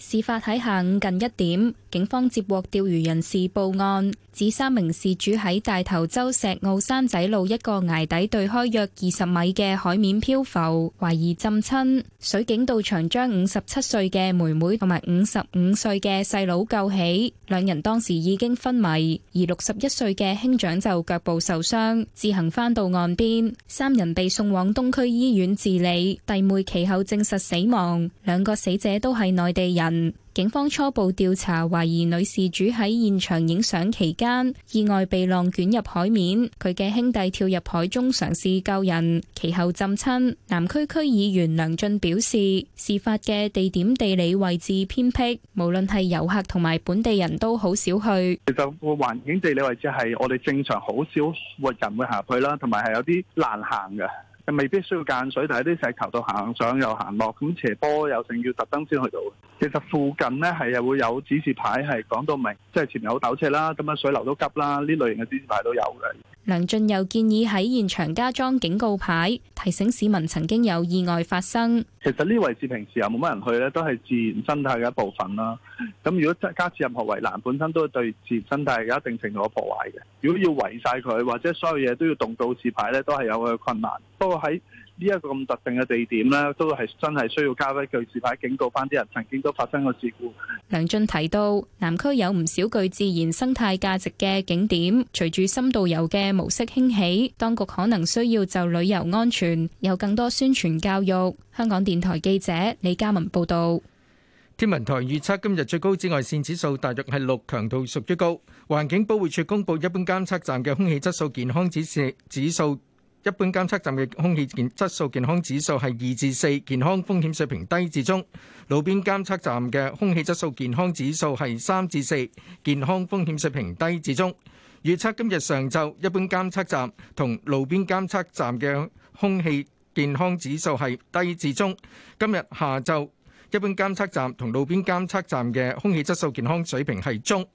事發喺下午近一點，警方接獲釣魚人士報案，指三名事主喺大頭洲石澳山仔路一個崖底對開約二十米嘅海面漂浮，懷疑浸親。水警到場將五十七歲嘅妹妹同埋五十五歲嘅細佬救起，兩人當時已經昏迷，而六十一歲嘅兄長就腳部受傷，自行返到岸邊。三人被送往東區醫院治理，弟妹其後證實死亡，兩個死者都係內地人。警方初步調查，懷疑女事主喺現場影相期間，意外被浪捲入海面。佢嘅兄弟跳入海中嘗試救人，其後浸親。南區區議員梁俊表示，事發嘅地點地理位置偏僻，無論係遊客同埋本地人都好少去。
其實個環境地理位置係我哋正常好少個人會行去啦，同埋係有啲難行嘅。未必需要間水，但喺啲石頭度行上又行落，咁斜坡又成要特登先去到。其實附近呢係又會有指示牌係講到明，即係前面好陡斜啦，咁樣水流都急啦，呢類型嘅指示牌都有嘅。
梁俊又建議喺現場加裝警告牌，提醒市民曾經有意外發生。
其實呢位置平時又冇乜人去呢，都係自然生態嘅一部分啦。咁如果加設任何圍欄，本身都對自然生態有一定程度嘅破壞嘅。如果要圍晒佢，或者所有嘢都要動到字牌呢，都係有佢嘅困難。不過喺呢一個咁特定嘅地點呢，都係真係需要加一句字牌警告，翻啲人曾經都發生過事故。
梁俊提到，南區有唔少具自然生態價值嘅景點，隨住深度遊嘅模式興起，當局可能需要就旅遊安全有更多宣傳教育。香港電台記者李嘉文報道。
天文台預測今日最高紫外線指數大約係六，強度屬於高。環境保護署公布一般監測站嘅空氣質素健康指示指數。一般監測站嘅空氣質素健康指數係二至四，健康風險水平低至中；路邊監測站嘅空氣質素健康指數係三至四，健康風險水平低至中。預測今日上晝，一般監測站同路邊監測站嘅空氣健康指數係低至中；今日下晝，一般監測站同路邊監測站嘅空氣質素健康水平係中。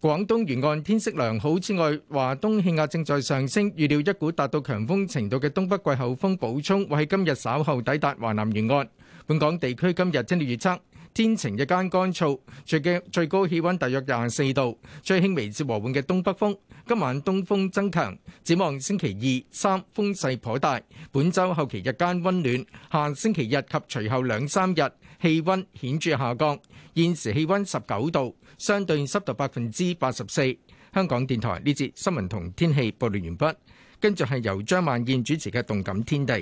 廣東沿岸天色良好之外，華東氣壓正在上升，預料一股達到強風程度嘅東北季候風補充會喺今日稍後抵達華南沿岸。本港地區今日天氣預測，天晴，日間乾燥，最最高氣温大約廿四度，吹輕微至和緩嘅東北風。今晚東風增強，展望星期二三風勢頗大。本週後期日間温暖，下星期日及隨後兩三日氣温顯著下降。現時氣温十九度。相對濕度百分之八十四。香港電台呢節新聞同天氣報告完畢，跟住係由張曼燕主持嘅《動感天地》。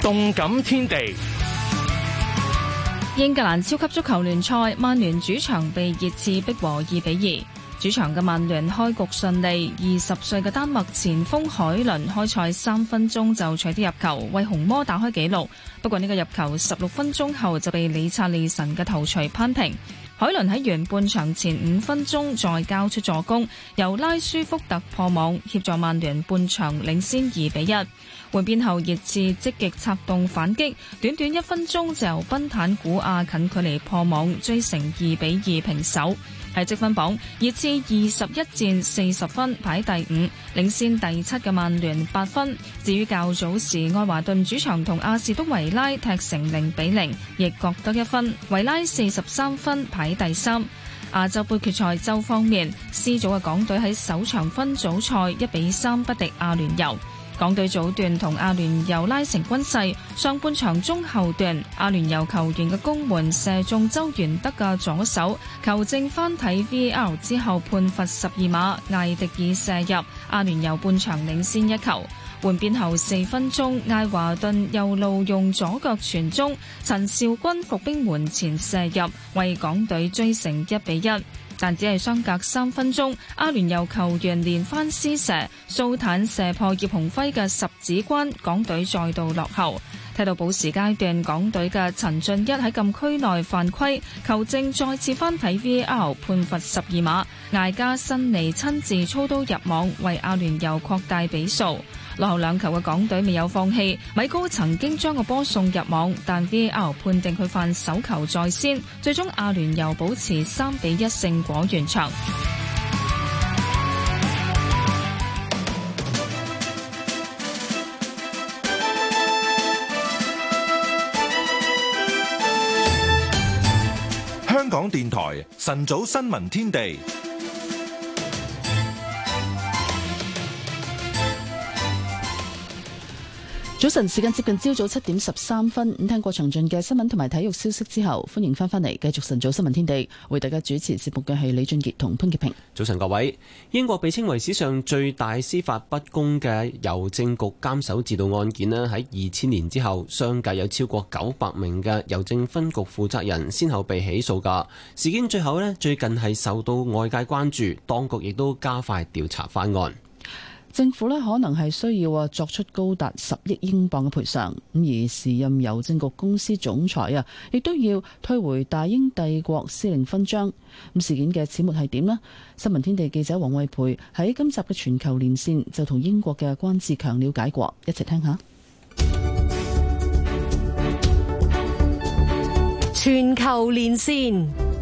《動感天地》。英
格蘭超級足球聯賽，曼聯主場被熱刺逼和二比二。主場嘅曼聯開局順利，二十歲嘅丹麥前鋒海倫開賽三分鐘就取得入球，為紅魔打開紀錄。不過呢個入球十六分鐘後就被理察利神嘅頭槌扳平。海倫喺完半場前五分鐘再交出助攻，由拉舒福特破網協助曼聯半場領先二比一。換邊後熱刺積極策動反擊，短短一分鐘就由賓坦古亞近距離破網追成二比二平手。喺積分榜，熱刺二十一戰四十分排第五，領先第七嘅曼聯八分。至於較早時愛華頓主場同阿士東維拉踢成零比零，亦各得一分。維拉四十三分排第三。亞洲杯決賽周方面，C 組嘅港隊喺首場分組賽一比三不敵阿聯酋。港隊早段同阿聯酋拉成均勢，上半場中後段，阿聯酋球員嘅攻門射中周元德嘅左手，球證翻睇 V L 之後判罰十二碼，艾迪爾射入，阿聯酋半場領先一球。換邊後四分鐘，艾華頓右路用左腳傳中，陳少君伏兵門前射入，為港隊追成一比一。但只係相隔三分鐘，阿聯酋球員連番施射，蘇坦射破葉鴻輝嘅十指關，港隊再度落後。睇到補時階段，港隊嘅陳俊一喺禁區內犯規，球證再次翻睇 VAR 判罰十二碼，艾加辛尼親自操刀入網，為阿聯酋擴大比數。落後兩球嘅港隊未有放棄，米高曾經將個波送入網，但 VAR 判定佢犯手球在先，最終阿聯又保持三比一勝果完場。
香港電台晨早新聞天地。
早晨，時間接近朝早七點十三分，聽過詳盡嘅新聞同埋體育消息之後，歡迎翻返嚟繼續晨早新聞天地，為大家主持節目嘅係李俊杰同潘潔平。
早晨各位，英國被稱為史上最大司法不公嘅郵政局監守自盜案件呢喺二千年之後，相繼有超過九百名嘅郵政分局負責人先後被起訴噶事件，最後呢，最近係受到外界關注，當局亦都加快調查翻案。
政府咧可能係需要啊作出高達十億英鎊嘅賠償，咁而時任郵政局公司總裁啊，亦都要退回大英帝國司令勳章。咁事件嘅始末係點呢？新聞天地記者黃慧培喺今集嘅全球連線就同英國嘅關志強了解過，一齊聽一下。
全球連線。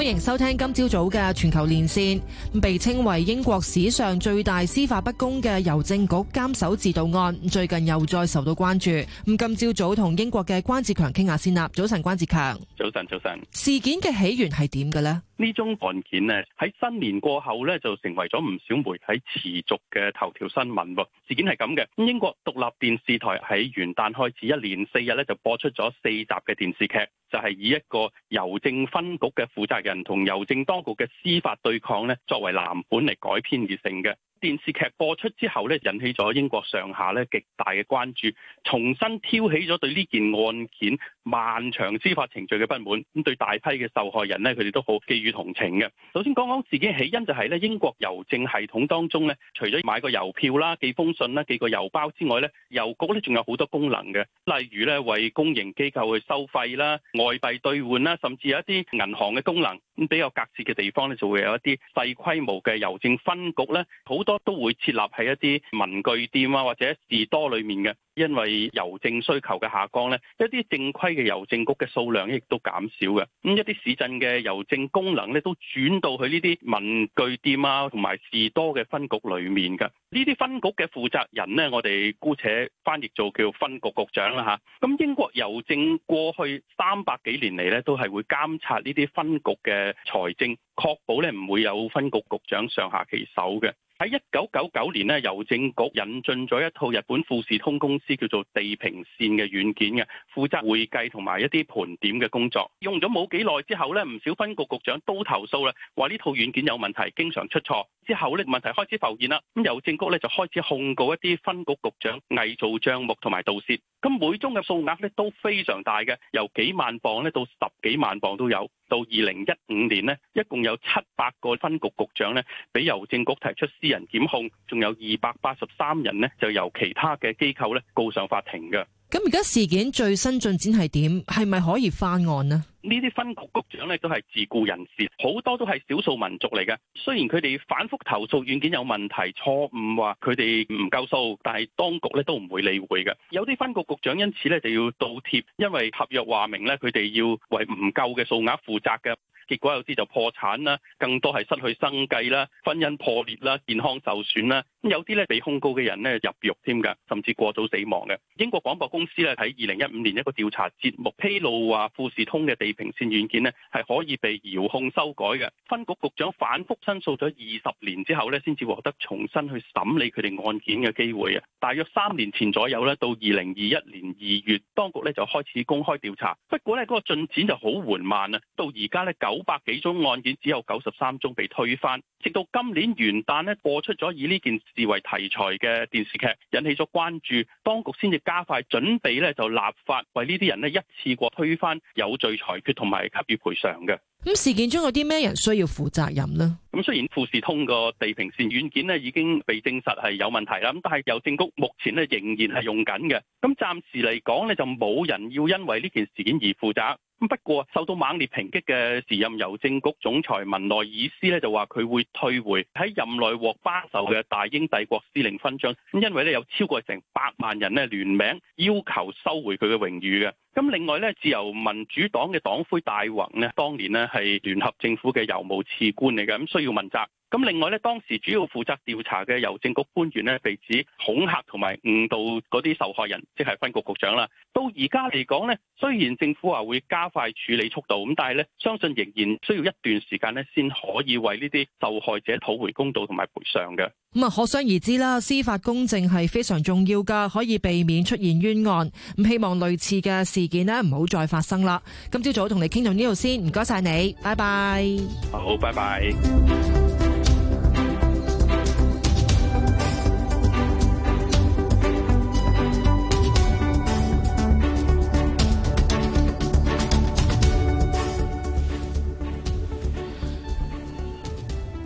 歡迎收聽今朝早嘅全球連線。被稱為英國史上最大司法不公嘅郵政局監守自盜案，最近又再受到關注。咁今朝早同英國嘅關志強傾下先啦。早晨，關志強。
早晨，早晨。
事件嘅起源係點嘅呢？呢宗
案件呢，喺新年過後咧就成為咗唔少媒體持續嘅頭條新聞。事件係咁嘅，英國獨立電視台喺元旦開始一連四日咧就播出咗四集嘅電視劇，就係以一個郵政分局嘅負責人同郵政當局嘅司法對抗咧作為藍本嚟改編而成嘅。電視劇播出之後咧，引起咗英國上下咧極大嘅關注，重新挑起咗對呢件案件漫長司法程序嘅不滿。咁對大批嘅受害人咧，佢哋都好寄予同情嘅。首先講講自己起因就係咧，英國郵政系統當中咧，除咗買個郵票啦、寄封信啦、寄個郵包之外咧，郵局咧仲有好多功能嘅，例如咧為公營機構去收費啦、外幣兌換啦，甚至有一啲銀行嘅功能。咁比較隔絕嘅地方咧，就會有一啲細規模嘅郵政分局咧，好都會設立喺一啲文具店啊，或者士多裏面嘅，因為郵政需求嘅下降呢，一啲正規嘅郵政局嘅數量亦都減少嘅。咁一啲市鎮嘅郵政功能咧，都轉到去呢啲文具店啊，同埋士多嘅分局裏面嘅。呢啲分局嘅負責人呢，我哋姑且翻譯做叫分局局長啦吓，咁英國郵政過去三百幾年嚟呢，都係會監察呢啲分局嘅財政，確保咧唔會有分局局長上下其手嘅。喺一九九九年咧，郵政局引進咗一套日本富士通公司叫做地平線嘅軟件嘅，負責會計同埋一啲盤點嘅工作。用咗冇幾耐之後咧，唔少分局局長都投訴啦，話呢套軟件有問題，經常出錯。之後咧，問題開始浮現啦，咁郵政局咧就開始控告一啲分局局長偽造帳目同埋盜竊。咁每宗嘅數額咧都非常大嘅，由幾萬磅咧到十幾萬磅都有。到二零一五年呢，一共有七百個分局局長呢，俾郵政局提出私人檢控，仲有二百八十三人呢，就由其他嘅機構呢告上法庭嘅。
咁而家事件最新進展係點？係咪可以翻案呢？呢啲
分局局長咧都係自僱人士，好多都係少數民族嚟嘅。雖然佢哋反覆投訴軟件有問題、錯誤，話佢哋唔夠數，但係當局咧都唔會理會嘅。有啲分局局長因此咧就要倒貼，因為合約話明咧佢哋要為唔夠嘅數額負責嘅。結果有啲就破產啦，更多係失去生計啦、婚姻破裂啦、健康受損啦。有啲咧被控告嘅人咧入獄添㗎，甚至過早死亡嘅。英國廣播公司咧喺二零一五年一個調查節目披露話，富士通嘅地平線軟件咧係可以被遙控修改嘅。分局局長反覆申訴咗二十年之後咧，先至獲得重新去審理佢哋案件嘅機會啊！大約三年前左右咧，到二零二一年二月，當局咧就開始公開調查。不過呢嗰個進展就好緩慢啊，到而家呢。九。五百幾宗案件只有九十三宗被推翻，直到今年元旦呢，播出咗以呢件事為題材嘅電視劇，引起咗關注，當局先至加快準備咧就立法為呢啲人咧一次過推翻有罪裁決同埋給予賠償嘅。
咁事件中有啲咩人需要負責任
咧？咁雖然富士通個地平線軟件呢已經被證實係有問題啦，咁但係郵政局目前呢仍然係用緊嘅。咁暫時嚟講呢就冇人要因為呢件事件而負責。不過受到猛烈抨擊嘅時任郵政局總裁文內爾斯咧，就話佢會退回喺任內獲頒授嘅大英帝國司令勳章，因為咧有超過成百萬人咧聯名要求收回佢嘅榮譽嘅。咁另外咧，自由民主黨嘅黨魁大宏呢當年咧係聯合政府嘅郵務次官嚟嘅，咁需要問責。咁另外咧，當時主要負責調查嘅郵政局官員呢，被指恐嚇同埋誤導嗰啲受害人，即係分局局長啦。到而家嚟講呢，雖然政府話會加快處理速度，咁但係呢，相信仍然需要一段時間咧，先可以為呢啲受害者討回公道同埋賠償嘅。
咁啊，可想而知啦，司法公正係非常重要噶，可以避免出現冤案。咁希望類似嘅事件呢，唔好再發生啦。今朝早同你傾到呢度先，唔該晒你，拜拜。
好，拜拜。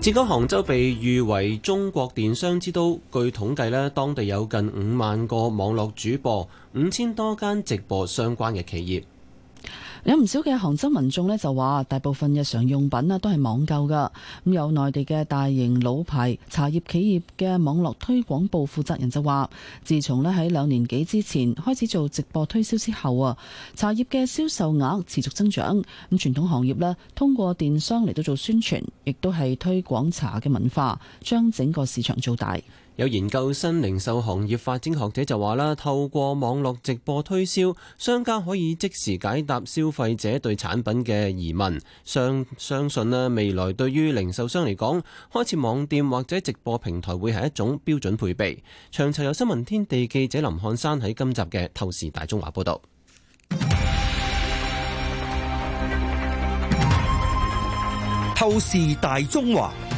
浙江杭州被譽為中國電商之都，據統計咧，當地有近五萬個網絡主播，五千多間直播相關嘅企業。
有唔少嘅杭州民眾呢，就話，大部分日常用品啊都係網購㗎。咁有內地嘅大型老牌茶葉企業嘅網絡推廣部負責人就話，自從呢喺兩年幾之前開始做直播推銷之後啊，茶葉嘅銷售額持續增長。咁傳統行業呢，通過電商嚟到做宣傳，亦都係推廣茶嘅文化，將整個市場做大。
有研究新零售行業發展學者就話啦，透過網絡直播推銷，商家可以即時解答消費者對產品嘅疑問。相相信啊，未來對於零售商嚟講，開設網店或者直播平台會係一種標準配備。詳情由新聞天地記者林漢山喺今集嘅透視大中華報道。透視大中
華。報導。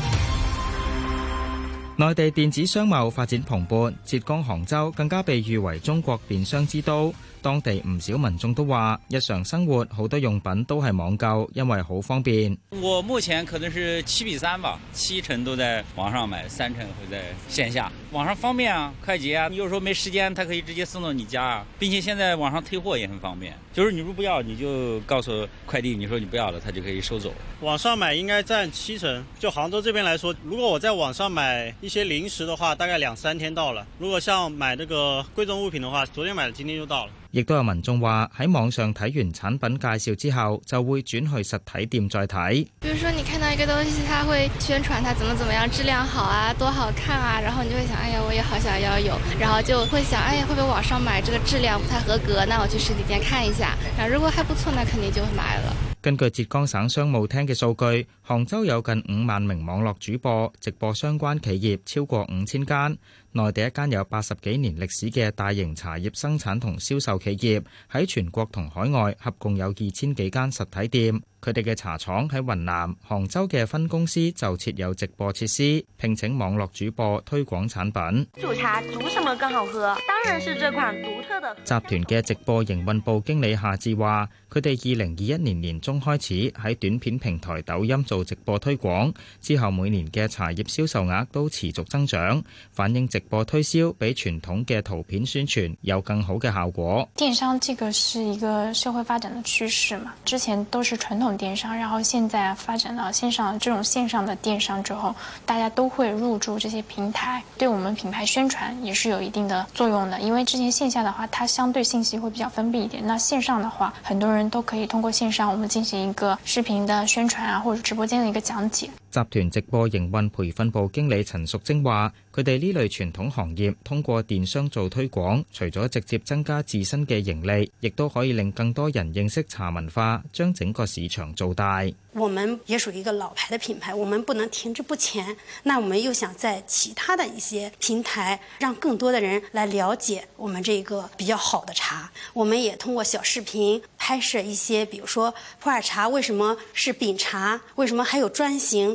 內地電子商貿發展蓬勃，浙江杭州更加被譽為中國電商之都。當地唔少民眾都話，日常生活好多用品都係網購，因為好方便。
我目前可能是七比三
吧，七成都在網上買，三成會在線下。網上方便啊，快捷啊。你有時候沒時間，他可以直接送到你家。並且現在網上退貨也很方便，就是你如果不要，你就告訴快遞，你說你不要了，他就可以收走。網上買應該佔七成。就
杭州這邊來說，如果我在網上買一些零食的話，大概兩三天到了；如果像買那個貴重物品的話，昨天買的今天就到了。
亦都有民眾話，喺網上睇完產品介紹之後，就會轉去實體店再睇。
比如說，你看到一個東西，它會宣傳它怎麼怎麼樣，質量好啊，多好看啊，然後你就會想，哎呀，我也好想要有，然後就會想，哎呀，會不會網上買這個質量不太合格？那我去實體店看一下。然後如果還不錯，那肯定就會買了。
根據浙江省商務廳嘅數據，杭州有近五萬名網絡主播，直播相關企業超過五千間。內地一間有八十幾年歷史嘅大型茶葉生產同銷售企業，喺全國同海外合共有二千幾間實體店。佢哋嘅茶廠喺雲南、杭州嘅分公司就設有直播設施，聘請網絡主播推廣產品。
煮茶煮什麼更好喝？當然係這款獨
特嘅。集團嘅直播營運部經理夏志話：佢哋二零二一年年中開始喺短片平台抖音做直播推廣，之後每年嘅茶葉銷售額都持續增長，反映直播推銷比傳統嘅圖片宣傳有更好嘅效果。
電商這個是一個社會發展的趨勢嘛，之前都是傳統電商，然後現在發展到線上這種線上的電商之後，大家都會入駐這些平台，對我們品牌宣傳也是有一定的作用的。因為之前線下的話，它相對信息會比較封閉一點；那線上的話，很多人都可以通過線上我們進行一個視頻的宣傳啊，或者直播間的一個講解。
集團直播營運培訓部經理陳淑貞話：佢哋呢類傳統行業通過電商做推廣，除咗直接增加自身嘅盈利，亦都可以令更多人認識茶文化，將整個市場做大。
我們也屬於一個老牌的品牌，我們不能停滯不前。那我們又想在其他的一些平台，讓更多的人來了解我們這個比較好的茶。我們也通過小視頻拍攝一些，比如說普洱茶為什麼是餅茶，為什麼還有磚形」。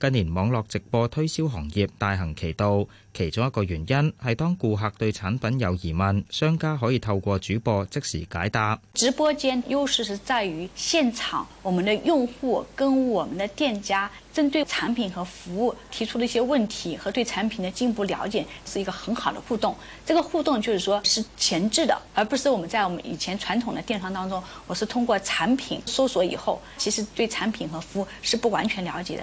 今年網絡直播推銷行業大行其道，其中一個原因係當顧客對產品有疑問，商家可以透過主播即時解答。
直播間優勢是在於現場，我們的用戶跟我們的店家針對產品和服務提出的一些問題和對產品的進一步了解，是一個很好的互動。這個互動就是說是前置的，而不是我們在我們以前傳統的電商當中，我是通過產品搜索以後，其實對產品和服務是不完全了解的。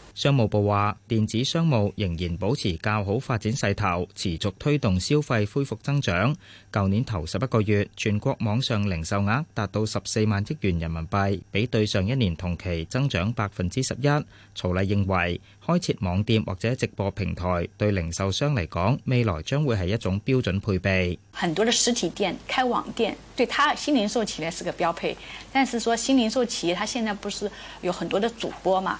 商務部話，電子商務仍然保持較好發展勢頭，持續推動消費恢復增長。舊年頭十一個月，全國網上零售額達到十四萬億元人民幣，比對上一年同期增長百分之十一。曹麗認為，開設網店或者直播平台對零售商嚟講，未來將會係一種標準配備。
很多嘅實體店開網店，對他新零售企業係個標配。但是說，新零售企業，他現在不是有很多的主播嘛？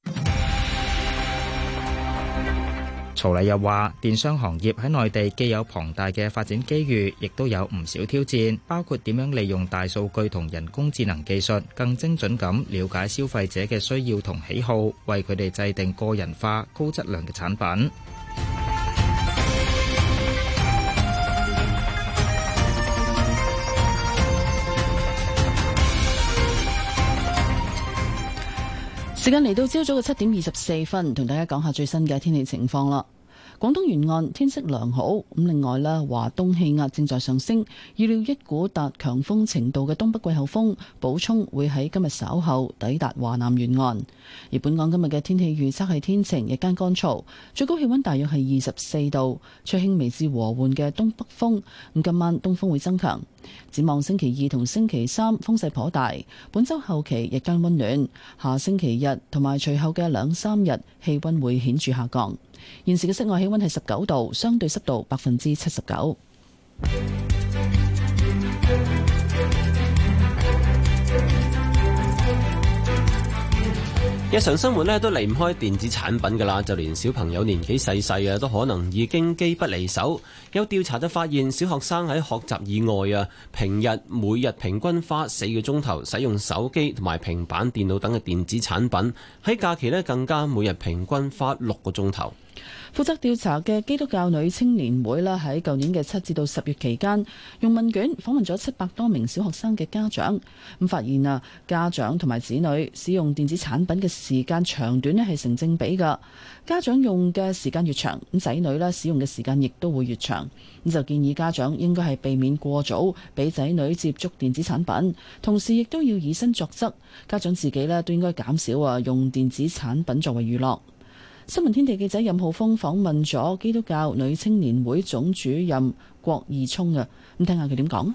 曹禮又話：電商行業喺內地既有龐大嘅發展機遇，亦都有唔少挑戰，包括點樣利用大數據同人工智能技術，更精準咁了解消費者嘅需要同喜好，為佢哋制定個人化、高質量嘅產品。
時間嚟到朝早嘅七點二十四分，同大家講下最新嘅天氣情況啦。廣東沿岸天色良好，咁另外咧，華東氣壓正在上升，預料一股達強風程度嘅東北季候風補充會喺今日稍後抵達華南沿岸。而本港今日嘅天氣預測係天晴，日間乾燥，最高氣溫大約係二十四度，吹輕微至和緩嘅東北風。咁今晚東風會增強，展望星期二同星期三風勢頗大。本周後期日間溫暖，下星期日同埋隨後嘅兩三日氣溫會顯著下降。現時嘅室外氣溫係十九度，相對濕度百分之七十九。
日常生活咧都離唔開電子產品噶啦，就連小朋友年紀細細啊，都可能已經機不離手。有調查就發現，小學生喺學習以外啊，平日每日平均花四個鐘頭使用手機同埋平板電腦等嘅電子產品，喺假期呢更加每日平均花六個鐘頭。
負責調查嘅基督教女青年會咧，喺舊年嘅七至到十月期間，用問卷訪問咗七百多名小學生嘅家長，咁發現啊，家長同埋子女使用電子產品嘅時間長短咧係成正比噶。家長用嘅時間越長，咁仔女咧使用嘅時間亦都會越長。咁就建議家長應該係避免過早俾仔女接觸電子產品，同時亦都要以身作則。家長自己咧都應該減少啊用電子產品作為娛樂。新聞天地記者任浩峰訪問咗基督教女青年會總主任郭義聰啊，咁聽下佢點講。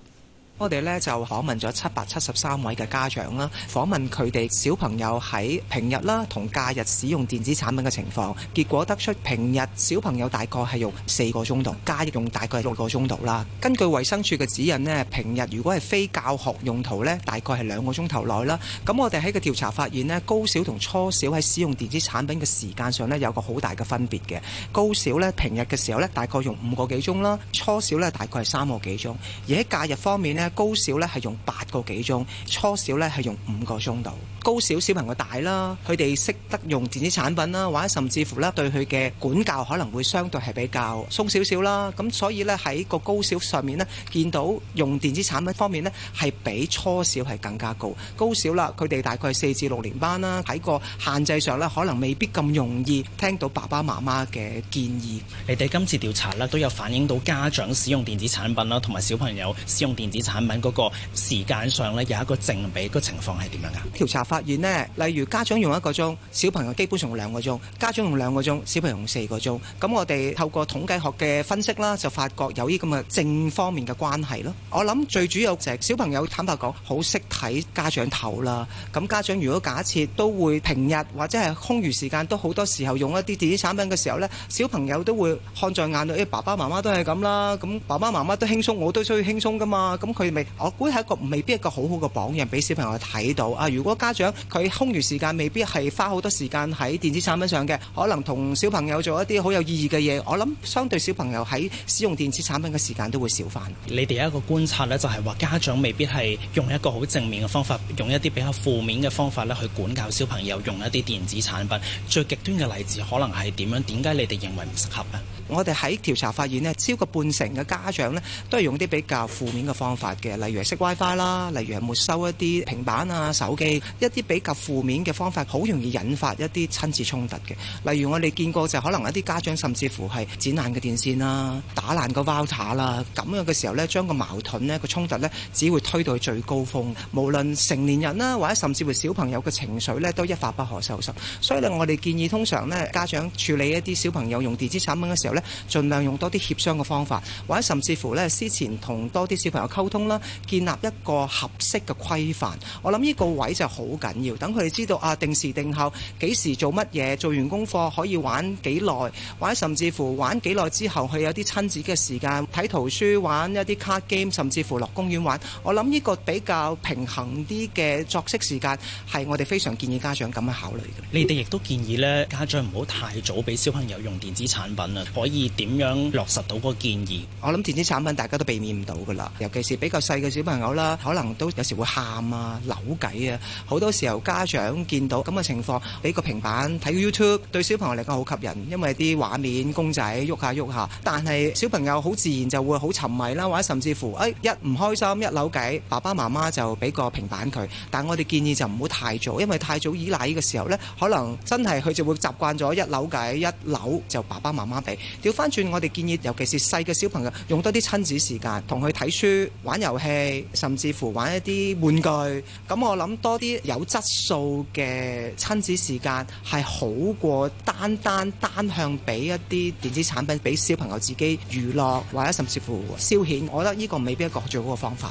我哋咧就訪問咗七百七十三位嘅家長啦，訪問佢哋小朋友喺平日啦同假日使用電子產品嘅情況，結果得出平日小朋友大概係用四個鐘度，假日用大概六個鐘度啦。根據衛生署嘅指引咧，平日如果係非教學用途咧，大概係兩個鐘頭內啦。咁我哋喺個調查發現咧，高小同初小喺使用電子產品嘅時間上咧，有個好大嘅分別嘅。高小咧平日嘅時候咧，大概用五個幾鐘啦，初小咧大概係三個幾鐘，而喺假日方面咧。高小咧係用八個幾鐘，初小咧係用五個鐘度。高小小朋友大啦，佢哋識得用電子產品啦，或者甚至乎咧對佢嘅管教可能會相對係比較鬆少少啦。咁所以咧喺個高小上面咧，見到用電子產品方面咧係比初小係更加高。高小啦，佢哋大概四至六年班啦，喺個限制上咧可能未必咁容易聽到爸爸媽媽嘅建議，
你哋今次調查咧都有反映到家長使用電子產品啦，同埋小朋友使用電子產品嗰個時間上咧有一個正比，個情
況係點樣噶？調查翻。發現呢，例如家長用一個鐘，小朋友基本上用兩個鐘；家長用兩個鐘，小朋友用四個鐘。咁我哋透過統計學嘅分析啦，就發覺有啲咁嘅正方面嘅關係咯。我諗最主要就係小朋友坦白講，好識睇家長頭啦。咁家長如果假設都會平日或者係空餘時間都好多時候用一啲電子產品嘅時候呢，小朋友都會看在眼裏。啲、欸、爸爸媽媽都係咁啦，咁爸爸媽媽都輕鬆，我都需要輕鬆噶嘛。咁佢未，我估係一個未必一個好好嘅榜樣俾小朋友睇到。啊，如果家長，佢空餘時間未必係花好多時間喺電子產品上嘅，可能同小朋友做一啲好有意義嘅嘢。我諗相對小朋友喺使用電子產品嘅時間都會少翻。
你哋一個觀察呢，就係話家長未必係用一個好正面嘅方法，用一啲比較負面嘅方法咧去管教小朋友用一啲電子產品。最極端嘅例子可
能係點樣？點解你哋認為唔適合咧？我哋喺調查發現咧，超過半成嘅家長咧，都係用啲比較負面嘅方法嘅，例如係熄 WiFi 啦，例如係沒收一啲平板啊、手機，一啲比較負面嘅方法，好容易引發一啲親子衝突嘅。例如我哋見過就可能一啲家長甚至乎係剪爛嘅電線啦，打爛個 router 啦，咁樣嘅時候咧，將個矛盾呢個衝突呢，只會推到去最高峰。無論成年人啦，或者甚至乎小朋友嘅情緒呢，都一發不可收拾。所以呢，我哋建議通常呢，家長處理一啲小朋友用電子產品嘅時候，咧，盡量用多啲協商嘅方法，或者甚至乎呢，事前同多啲小朋友溝通啦，建立一個合適嘅規範。我諗呢個位就好緊要，等佢哋知道啊，定時定候幾時做乜嘢，做完功課可以玩幾耐，或者甚至乎玩幾耐之後，佢有啲親子嘅時間睇圖書、玩一啲卡 game，甚至乎落公園玩。我諗呢個比較平衡啲嘅作息時間，係我哋非常建議家長咁去考慮
嘅。你哋亦都建議呢，家長唔好太早俾小朋友用電子產品啊。可以點樣落實到個建議？我
諗電子產品大家都避免唔到㗎啦，尤其是比較細嘅小朋友啦，可能都有時會喊啊、扭計啊。好多時候家長見到咁嘅情況，俾個平板睇 YouTube，對小朋友嚟講好吸引，因為啲畫面、公仔喐下喐下。但係小朋友好自然就會好沉迷啦，或者甚至乎誒、哎、一唔開心一扭計，爸爸媽媽就俾個平板佢。但我哋建議就唔好太早，因為太早依賴嘅個時候呢，可能真係佢就會習慣咗一扭計一扭，一扭就爸爸媽媽俾。調翻轉，我哋建議，尤其是細嘅小朋友，用多啲親子時間，同佢睇書、玩遊戲，甚至乎玩一啲玩具。咁我諗多啲有質素嘅親子時間係好過單單單向俾一啲電子產品俾小朋友自己娛樂，或者甚至乎消遣。我覺得呢個未必一個最好嘅方法。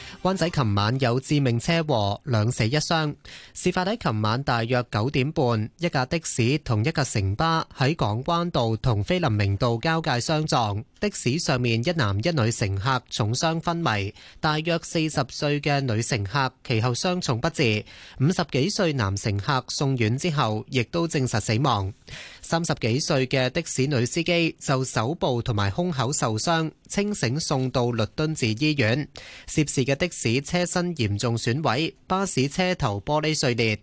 灣仔琴晚有致命車禍，兩死一傷。事發喺琴晚大約九點半，一架的士同一架城巴喺港灣道同菲林明道交界相撞，的士上面一男一女乘客重傷昏迷，大約四十歲嘅女乘客其後傷重不治，五十幾歲男乘客送院之後亦都證實死亡。三十幾歲嘅的士女司機就手部同埋胸口受傷，清醒送到律敦治醫院。涉事嘅的士車身嚴重損毀，巴士車頭玻璃碎裂。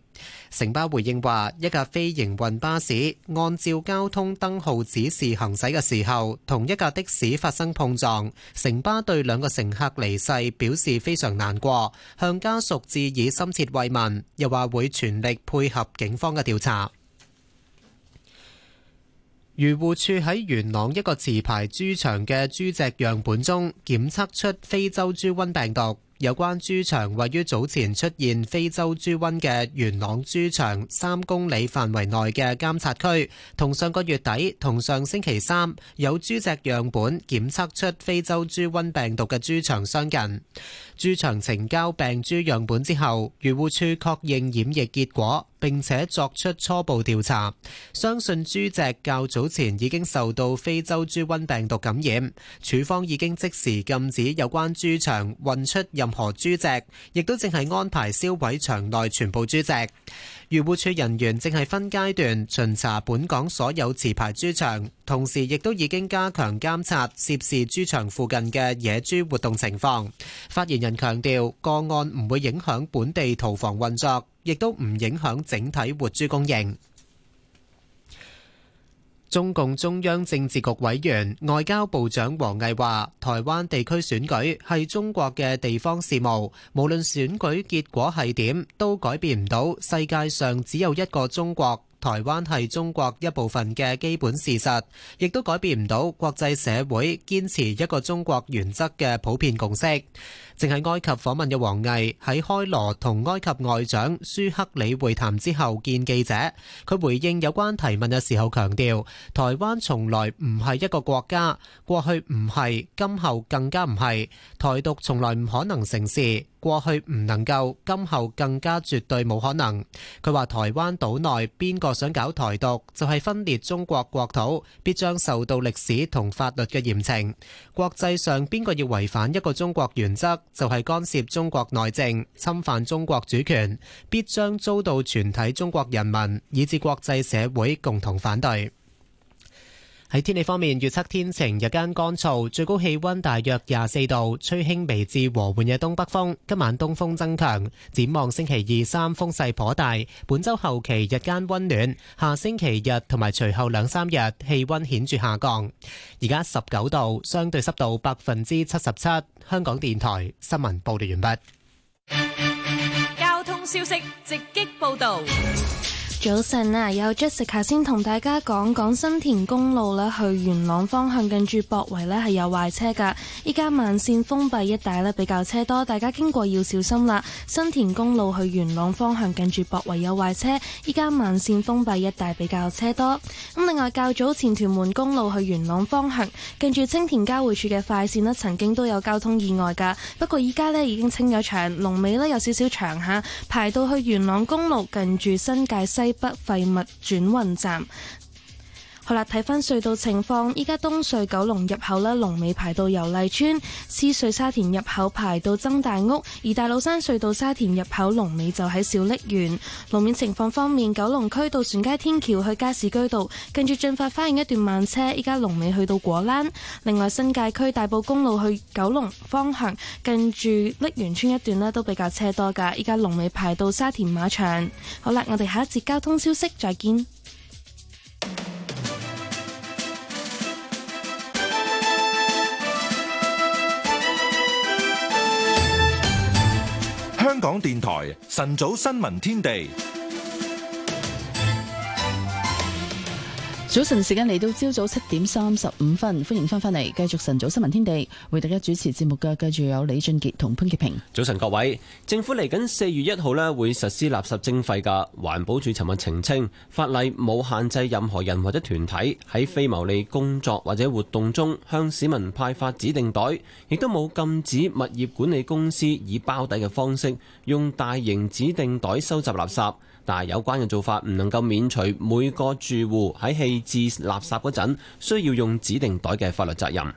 城巴回應話：一架非營運巴士按照交通燈號指示行駛嘅時候，同一架的士發生碰撞。城巴對兩個乘客離世表示非常難過，向家屬致以深切慰問，又話會全力配合警方嘅調查。漁護署喺元朗一個持牌豬場嘅豬隻樣本中檢測出非洲豬瘟病毒。有關豬場位於早前出現非洲豬瘟嘅元朗豬場三公里範圍內嘅監察區，同上個月底同上星期三有豬隻樣本檢測出非洲豬瘟病毒嘅豬場相近。豬場呈交病豬樣本之後，漁護署確認檢疫結果。並且作出初步調查，相信豬隻較早前已經受到非洲豬瘟病毒感染。署方已經即時禁止有關豬場運出任何豬隻，亦都正係安排銷毀場內全部豬隻。漁護署人員正係分階段巡查本港所有持牌豬場，同時亦都已經加強監察涉事豬場附近嘅野豬活動情況。發言人強調，個案唔會影響本地屠房運作。亦都唔影響整體活豬供應。中共中央政治局委員、外交部長王毅話：台灣地區選舉係中國嘅地方事務，無論選舉結果係點，都改變唔到世界上只有一個中國，台灣係中國一部分嘅基本事實，亦都改變唔到國際社會堅持一個中國原則嘅普遍共識。正係埃及訪問嘅王毅喺開羅同埃及外長舒克里會談之後見記者，佢回應有關提問嘅時候強調：台灣從來唔係一個國家，過去唔係，今後更加唔係。台獨從來唔可能成事，過去唔能夠，今後更加絕對冇可能。佢話：台灣島內邊個想搞台獨，就係分裂中國國土，必將受到歷史同法律嘅嚴懲。國際上邊個要違反一個中國原則，就係干涉中國內政、侵犯中國主權，必將遭到全體中國人民以至國際社會共同反對。喺天氣方面，預測天晴，日間乾燥，最高氣溫大約廿四度，吹輕微至和緩嘅東北風。今晚東風增強，展望星期二、三風勢頗大。本周後期日間溫暖，下星期日同埋隨後兩三日氣溫顯著下降。而家十九度，相對濕度百分之七十七。香港電台新聞報道完畢。
交通消息直擊報道。早晨啊，有 Jessica 先同大家講講新田公路咧去元朗方向近住博圍咧係有壞車噶，依家慢線封閉一帶咧比較車多，大家經過要小心啦。新田公路去元朗方向近住博圍有壞車，依家慢線封閉一帶比較車多。咁另外較早前屯門公路去元朗方向近住青田交匯處嘅快線咧，曾經都有交通意外噶，不過依家咧已經清咗場，龍尾咧有少少長吓，排到去元朗公路近住新界西。北廢物轉運站。好啦，睇翻隧道情況，依家東隧九龍入口咧龍尾排到油麗村，獅隧沙田入口排到曾大屋，而大老山隧道沙田入口龍尾就喺小瀝源。路面情況方面，九龍區渡船街天橋去加士居道，近住駿發花園一段慢車，依家龍尾去到果欄。另外，新界區大埔公路去九龍方向，近住瀝源村一段呢都比較車多噶，依家龍尾排到沙田馬場。好啦，我哋下一節交通消息再見。
香港電台晨早新聞天地。
早晨時間嚟到，朝早七點三十五分，歡迎翻返嚟，繼續晨早新聞天地。為大家主持節目嘅，繼續有李俊杰同潘潔平。
早晨各位，政府嚟緊四月一號咧，會實施垃圾徵費嘅環保署尋日澄清，法例冇限制任何人或者團體喺非牟利工作或者活動中向市民派發指定袋，亦都冇禁止物業管理公司以包底嘅方式用大型指定袋收集垃圾，但係有關嘅做法唔能夠免除每個住戶喺棄置垃圾嗰陣需要用指定袋嘅法律責任。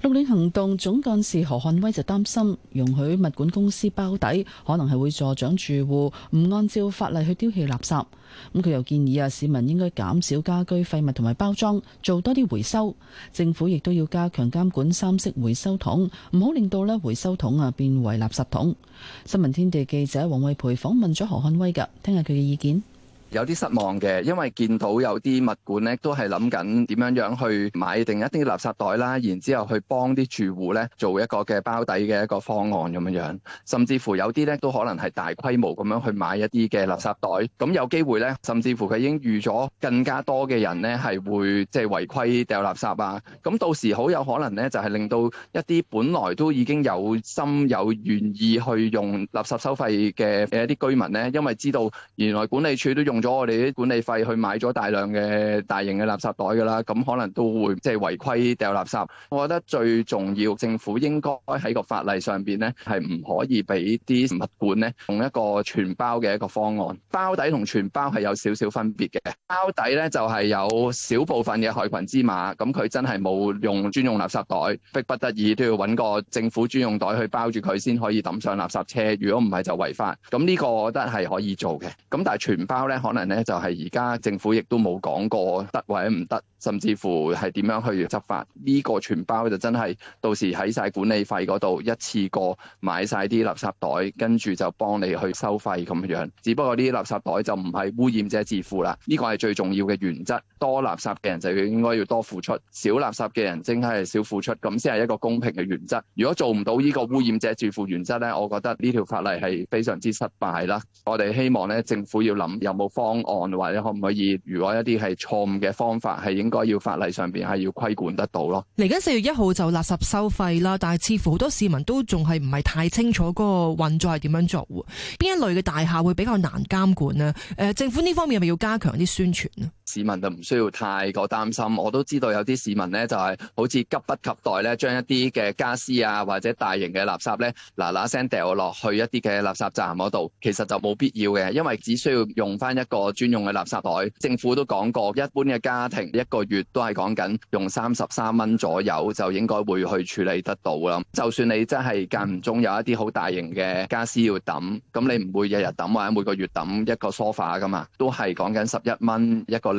綠領行動總幹事何漢威就擔心，容許物管公司包底，可能係會助長住戶唔按照法例去丟棄垃圾。咁佢又建議啊，市民應該減少家居廢物同埋包裝，做多啲回收。政府亦都要加強監管三色回收桶，唔好令到呢回收桶啊變為垃圾桶。新聞天地記者黃惠培訪問咗何漢威噶，聽下佢嘅意見。
有啲失望嘅，因為見到有啲物管咧，都係諗緊點樣樣去買定一啲垃圾袋啦，然之後去幫啲住戶咧做一個嘅包底嘅一個方案咁樣樣，甚至乎有啲咧都可能係大規模咁樣去買一啲嘅垃圾袋，咁、嗯、有機會咧，甚至乎佢已經預咗更加多嘅人咧係會即係違規掉垃圾啊，咁、嗯、到時好有可能咧就係、是、令到一啲本來都已經有心有願意去用垃圾收費嘅誒一啲居民咧，因為知道原來管理處都用。用咗我哋啲管理費去買咗大量嘅大型嘅垃圾袋噶啦，咁可能都會即係違規掉垃圾。我覺得最重要，政府應該喺個法例上邊咧係唔可以俾啲物管咧用一個全包嘅一個方案。包底同全包係有少少分別嘅。包底咧就係有少部分嘅害群之馬，咁佢真係冇用專用垃圾袋，逼不得已都要揾個政府專用袋去包住佢先可以抌上垃圾車。如果唔係就違法。咁呢個我覺得係可以做嘅。咁但係全包咧。可能咧就係而家政府亦都冇講過得或者唔得，甚至乎係點樣去執法呢，個全包就真係到時喺晒管理費嗰度一次過買晒啲垃圾袋，跟住就幫你去收費咁樣。只不過呢啲垃圾袋就唔係污染者自負啦，呢個係最重要嘅原則，多垃圾嘅人就要應該要多付出，少垃圾嘅人正係少付出，咁先係一個公平嘅原則。如果做唔到呢個污染者自負原則呢，我覺得呢條法例係非常之失敗啦。我哋希望呢政府要諗有冇方案或者可唔可以？如果一啲係錯誤嘅方法，係應該要法例上邊係要規管得到咯。
嚟緊四月一號就垃圾收費啦，但係似乎好多市民都仲係唔係太清楚嗰個運作係點樣做。邊一類嘅大廈會比較難監管呢？誒、呃，政府呢方面係咪要加強啲宣傳呢？
市民就唔需要太過擔心，我都知道有啲市民咧就係好似急不及待咧，將一啲嘅家私啊或者大型嘅垃圾咧嗱嗱聲掉落去一啲嘅垃圾站嗰度，其實就冇必要嘅，因為只需要用翻一個專用嘅垃圾袋。政府都講過，一般嘅家庭一個月都係講緊用三十三蚊左右就應該會去處理得到啦。就算你真係間唔中有一啲好大型嘅家私要抌，咁你唔會日日抌或者每個月抌一個梳化噶嘛，都係講緊十一蚊一個。呢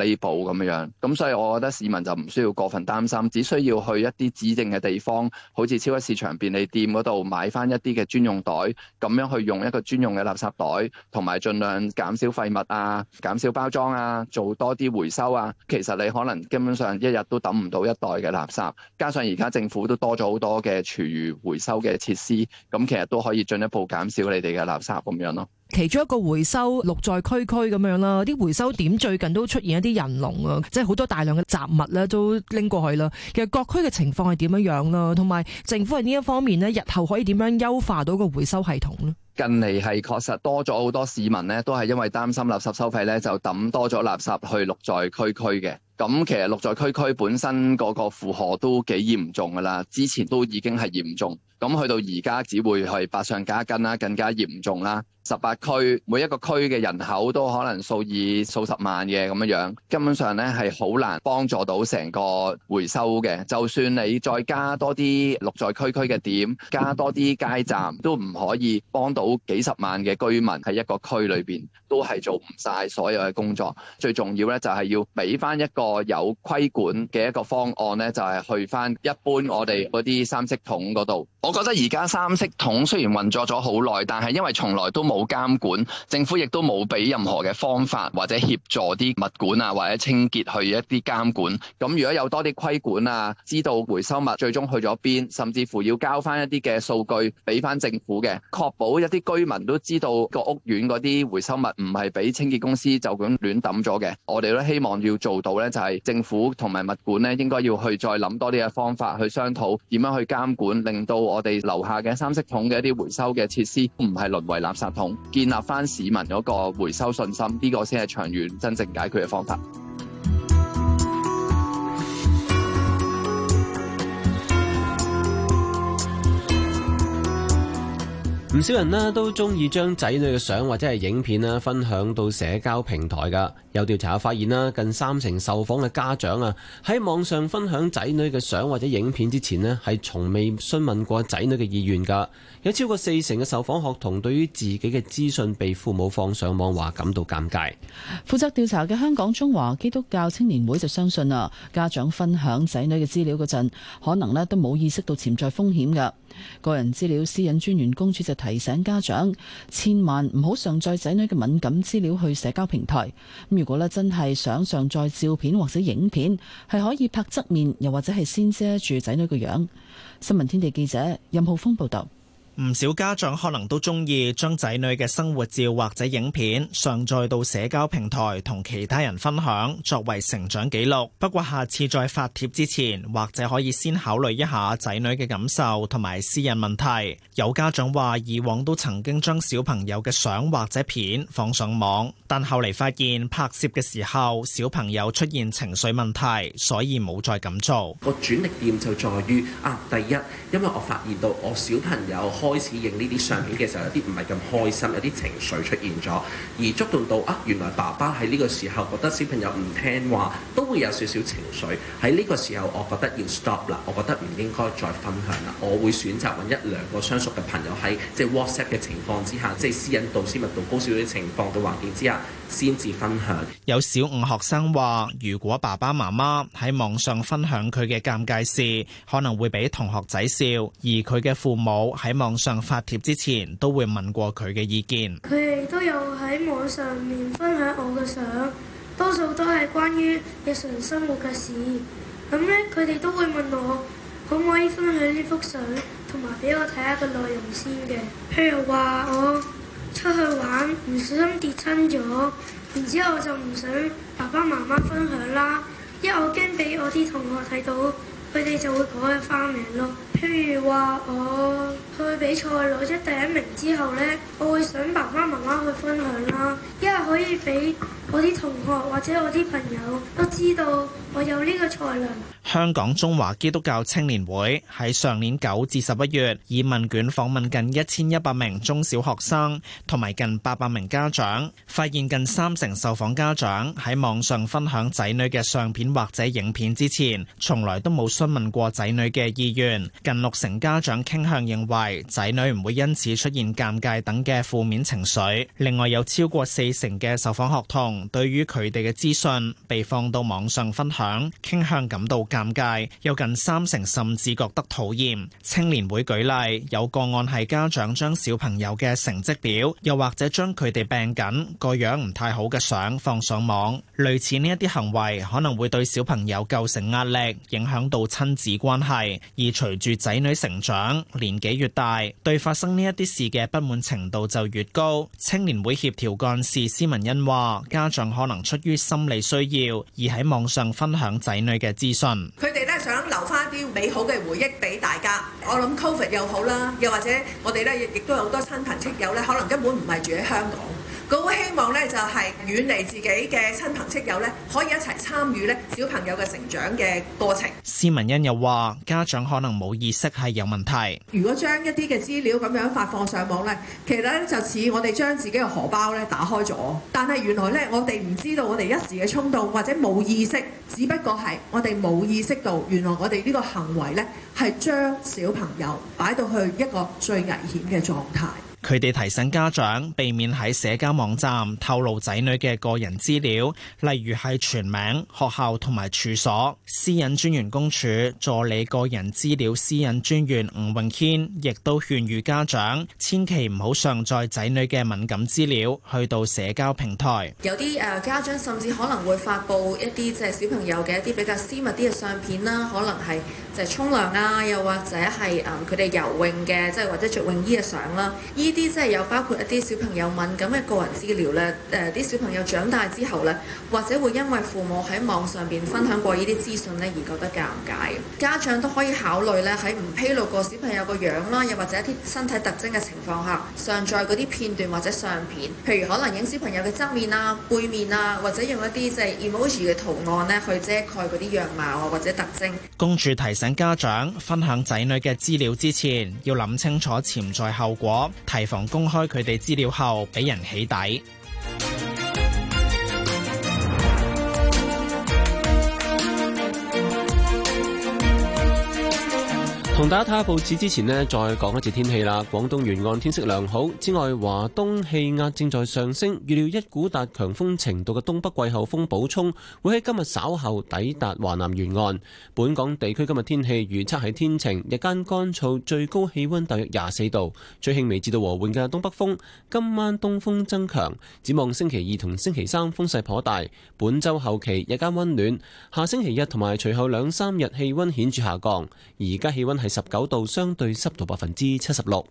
咁樣，咁所以我覺得市民就唔需要過分擔心，只需要去一啲指定嘅地方，好似超級市場、便利店嗰度買返一啲嘅專用袋，咁樣去用一個專用嘅垃圾袋，同埋盡量減少廢物啊、減少包裝啊、做多啲回收啊。其實你可能根本上一日都抌唔到一袋嘅垃圾，加上而家政府都多咗好多嘅廚餘回收嘅設施，咁其實都可以進一步減少你哋嘅垃圾咁樣咯。
其中一個回收綠在區區咁樣啦，啲回收點最近都出現一啲人龍啊，即係好多大量嘅雜物咧都拎過去啦。其實各區嘅情況係點樣樣啦，同埋政府喺呢一方面咧，日後可以點樣優化到個回收系統咧？
近嚟係確實多咗好多市民咧，都係因為擔心垃圾收費咧，就抌多咗垃圾去綠在區區嘅。咁其實綠在區區本身嗰個負荷都幾嚴重噶啦，之前都已經係嚴重。咁去到而家只會係百上加斤啦，更加嚴重啦。十八區每一個區嘅人口都可能數以數十萬嘅咁樣樣，根本上呢，係好難幫助到成個回收嘅。就算你再加多啲綠在區區嘅點，加多啲街站，都唔可以幫到幾十萬嘅居民喺一個區裏邊都係做唔晒所有嘅工作。最重要呢，就係要俾翻一個有規管嘅一個方案呢，就係去翻一般我哋嗰啲三色桶嗰度。我覺得而家三色桶雖然運作咗好耐，但係因為從來都冇監管，政府亦都冇俾任何嘅方法或者協助啲物管啊或者清潔去一啲監管。咁如果有多啲規管啊，知道回收物最終去咗邊，甚至乎要交翻一啲嘅數據俾翻政府嘅，確保一啲居民都知道個屋苑嗰啲回收物唔係俾清潔公司就咁亂抌咗嘅。我哋都希望要做到呢，就係政府同埋物管呢應該要去再諗多啲嘅方法去商討點樣去監管，令到我我哋樓下嘅三色桶嘅一啲回收嘅設施，唔係淪為垃圾桶，建立翻市民嗰個回收信心，呢個先係長遠真正解決嘅方法。
唔少人呢都中意將仔女嘅相，或者係影片啊分享到社交平台噶。有調查發現啦，近三成受訪嘅家長啊喺網上分享仔女嘅相或者影片之前呢，係從未詢問過仔女嘅意願噶。有超過四成嘅受訪學童對於自己嘅資訊被父母放上網話感到尷尬。
負責調查嘅香港中華基督教青年會就相信啊，家長分享仔女嘅資料嗰陣，可能咧都冇意識到潛在風險噶。個人資料私隱專員公署就提醒家長，千萬唔好上載仔女嘅敏感資料去社交平台。如果咧真係想上載照片或者影片，係可以拍側面，又或者係先遮住仔女個樣。新聞天地記者任浩峰報道。
唔少家長可能都中意將仔女嘅生活照或者影片上載到社交平台同其他人分享，作為成長記錄。不過下次再發帖之前，或者可以先考慮一下仔女嘅感受同埋私隱問題。有家長話，以往都曾經將小朋友嘅相或者片放上網，但後嚟發現拍攝嘅時候小朋友出現情緒問題，所以冇再咁做。
個轉捩點就在於啊，第一，因為我發現
到
我小朋友。開始影呢啲相片嘅時候，有啲唔係咁開心，有啲情緒出現咗，而觸動到啊，原來爸爸喺呢個時候覺得小朋友唔聽話，都會有少少情緒。喺呢個時候，我覺得要 stop 啦，我覺得唔應該再分享啦。我會選擇揾一兩個相熟嘅朋友喺即係 WhatsApp 嘅情況之下，即係私隱度、私密度高少少嘅情況嘅環境之下，先至分享。
有小五學生話，如果爸爸媽媽喺網上分享佢嘅尷尬事，可能會俾同學仔笑。而佢嘅父母喺網上發帖之前，都會問過佢嘅意見。佢哋都有喺
網上面分享我嘅相，多數都係關於日常生活嘅事。咁咧，佢哋都會問我，可唔可以分享呢幅相，同埋俾我睇下個內容先嘅。譬如話我。出去玩唔小心跌親咗，然之後就唔想爸爸媽媽分享啦，因為我驚俾我啲同學睇到，佢哋就會改花名咯。譬如話，我去比賽攞咗第一名之後呢，我會想爸爸媽媽去分享啦，因為可以俾我啲同學或者我啲朋友都知道我
有呢個才能。
香港中華基督教青年會喺上年九至十一月，以問卷訪問近一千一百名中小學生同埋近八百名家長，發現近三成受訪家長喺網上分享仔女嘅相片或者影片之前，從來都冇詢問過仔女嘅意願。近六成家長傾向認為仔女唔會因此出現尷尬等嘅負面情緒。另外，有超過四成嘅受訪學童對於佢哋嘅資訊被放到網上分享，傾向感到。尷尬，有近三成甚至覺得討厭。青年會舉例，有個案係家長將小朋友嘅成績表，又或者將佢哋病緊、個樣唔太好嘅相放上網。類似呢一啲行為可能會對小朋友構成壓力，影響到親子關係。而隨住仔女成長，年紀越大，對發生呢一啲事嘅不滿程度就越高。青年會協調幹事施文欣話，家長可能出於心理需要，而喺網上分享仔女嘅資訊。
佢哋咧想留返啲美好嘅回憶俾大家。我諗 Covid 又好啦，又或者我哋咧亦都有好多親朋戚友咧，可能根本唔係住喺香港。我好希望咧，就係遠離自己嘅親朋戚友咧，可以一齊參與咧小朋友嘅成長嘅過程。
施文欣又話：家長可能冇意識係有問題。
如果將一啲嘅資料咁樣發放上網咧，其實咧就似我哋將自己嘅荷包咧打開咗。但係原來咧，我哋唔知道我哋一時嘅衝動或者冇意識，只不過係我哋冇意識到，原來我哋呢個行為咧係將小朋友擺到去一個最危險嘅狀態。
佢哋提醒家長避免喺社交網站透露仔女嘅個人資料，例如係全名、學校同埋處所。私隱專員公署助理個人資料私隱專員吳泳軒亦都勸喻家長，千祈唔好上載仔女嘅敏感資料去到社交平台。
有啲誒家長甚至可能會發布一啲即係小朋友嘅一啲比較私密啲嘅相片啦，可能係就係沖涼啊，又或者係佢哋游泳嘅，即係或者着泳衣嘅相啦。呢啲即係有包括一啲小朋友敏感嘅個人資料咧，誒啲小朋友長大之後咧，或者會因為父母喺網上邊分享過呢
啲資訊咧而覺得尷尬。家長都可以考慮咧喺唔披露過小朋友個樣啦，又或者一啲身體特徵嘅情況下，上載嗰啲片段或者相片，譬如可能影小朋友嘅側面啊、背面啊，或者用一啲即係 emoji 嘅圖案咧去遮蓋嗰啲樣貌啊或者特徵。
公署提醒家長分享仔女嘅資料之前，要諗清楚潛在後果。提防公開佢哋資料後，俾人起底。
同大家睇下報紙之前呢，再講一次天氣啦。廣東沿岸天色良好，之外，華東氣壓正在上升，預料一股達強風程度嘅東北季候風補充會喺今日稍後抵達華南沿岸。本港地區今日天氣預測係天晴，日間乾燥，最高氣温大約廿四度，吹輕微至到和緩嘅東北風。今晚東風增強，展望星期二同星期三風勢頗大。本週後期日間温暖，下星期一同埋隨後兩三日氣温顯著下降。而家氣温係十九度，相對濕度百分之七十六。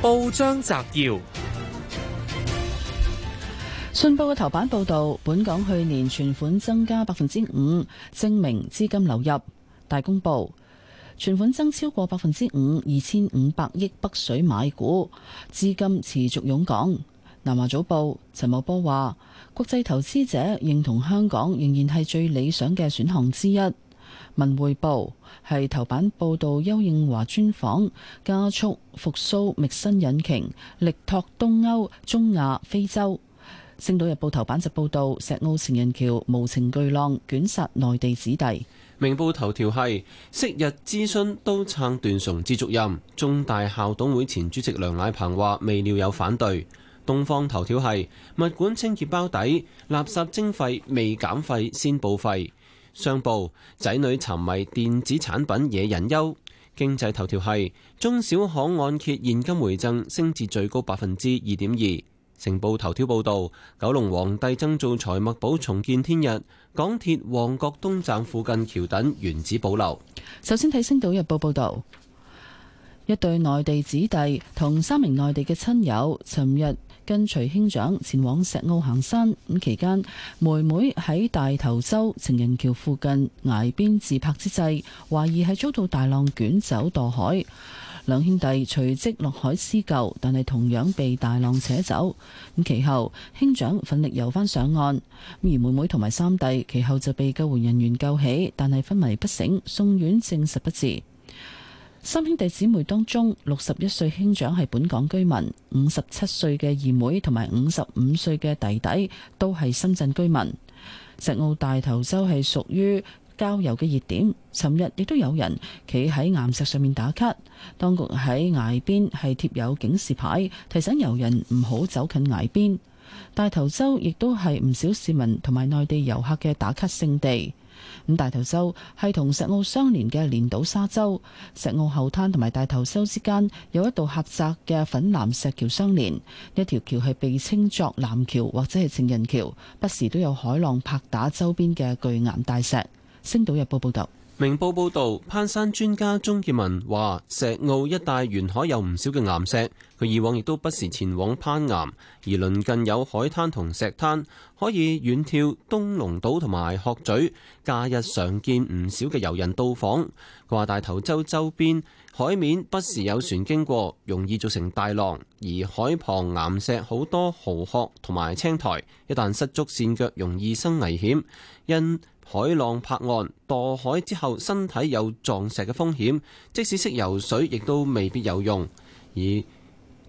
報章摘要：
信報嘅頭版報道，本港去年存款增加百分之五，證明資金流入。大公報：存款增超過百分之五，二千五百億北水買股，資金持續湧港。南華早報：陳茂波話。國際投資者認同香港仍然係最理想嘅選項之一。文匯報係頭版報導邱應華專訪，加速復甦覓新引擎，力拓東歐、中亞、非洲。星島日報頭版就報導石澳情人橋無情巨浪捲殺內地子弟。
明報頭條係昔日諮詢都撐段崇智續任，中大校董會前主席梁乃鵬話未料有反對。東方頭條係物管清潔包底，垃圾徵費未減費先報廢。商報仔女沉迷電子產品惹人憂。經濟頭條係中小行按揭現金回贈升至最高百分之二點二。成報頭條報道九龍皇帝曾灶財墨寶重見天日，港鐵旺角東站附近橋墩原址保留。
首先睇《星島日報》報道，一對內地子弟同三名內地嘅親友，尋日。跟隨兄長前往石澳行山，咁期間妹妹喺大頭洲情人橋附近崖邊自拍之際，懷疑係遭到大浪捲走墮海。兩兄弟隨即落海施救，但係同樣被大浪扯走。咁其後兄長奮力游翻上岸，而妹妹同埋三弟其後就被救援人員救起，但係昏迷不醒，送院證實不治。三兄弟姊妹當中，六十一歲兄長係本港居民，五十七歲嘅二妹同埋五十五歲嘅弟弟都係深圳居民。石澳大頭洲係屬於郊遊嘅熱點，尋日亦都有人企喺岩石上面打卡。當局喺崖邊係貼有警示牌，提醒遊人唔好走近崖邊。大頭洲亦都係唔少市民同埋內地遊客嘅打卡勝地。咁大頭洲係同石澳相連嘅連島沙洲，石澳後灘同埋大頭洲之間有一道狹窄嘅粉藍石橋相連，呢條橋係被稱作藍橋或者係情人橋，不時都有海浪拍打周邊嘅巨岩大石。星島日報報道。
明報報導，攀山專家鍾建文話：石澳一帶沿海有唔少嘅岩石，佢以往亦都不時前往攀岩。而鄰近有海灘同石灘，可以遠眺東龍島同埋鶴咀，假日常見唔少嘅遊人到訪。佢話大頭洲周邊海面不時有船經過，容易造成大浪；而海旁岩石好多蠔殼同埋青苔，一旦失足跣腳，容易生危險。因海浪拍岸墮海之後，身體有撞石嘅風險，即使識游水，亦都未必有用。而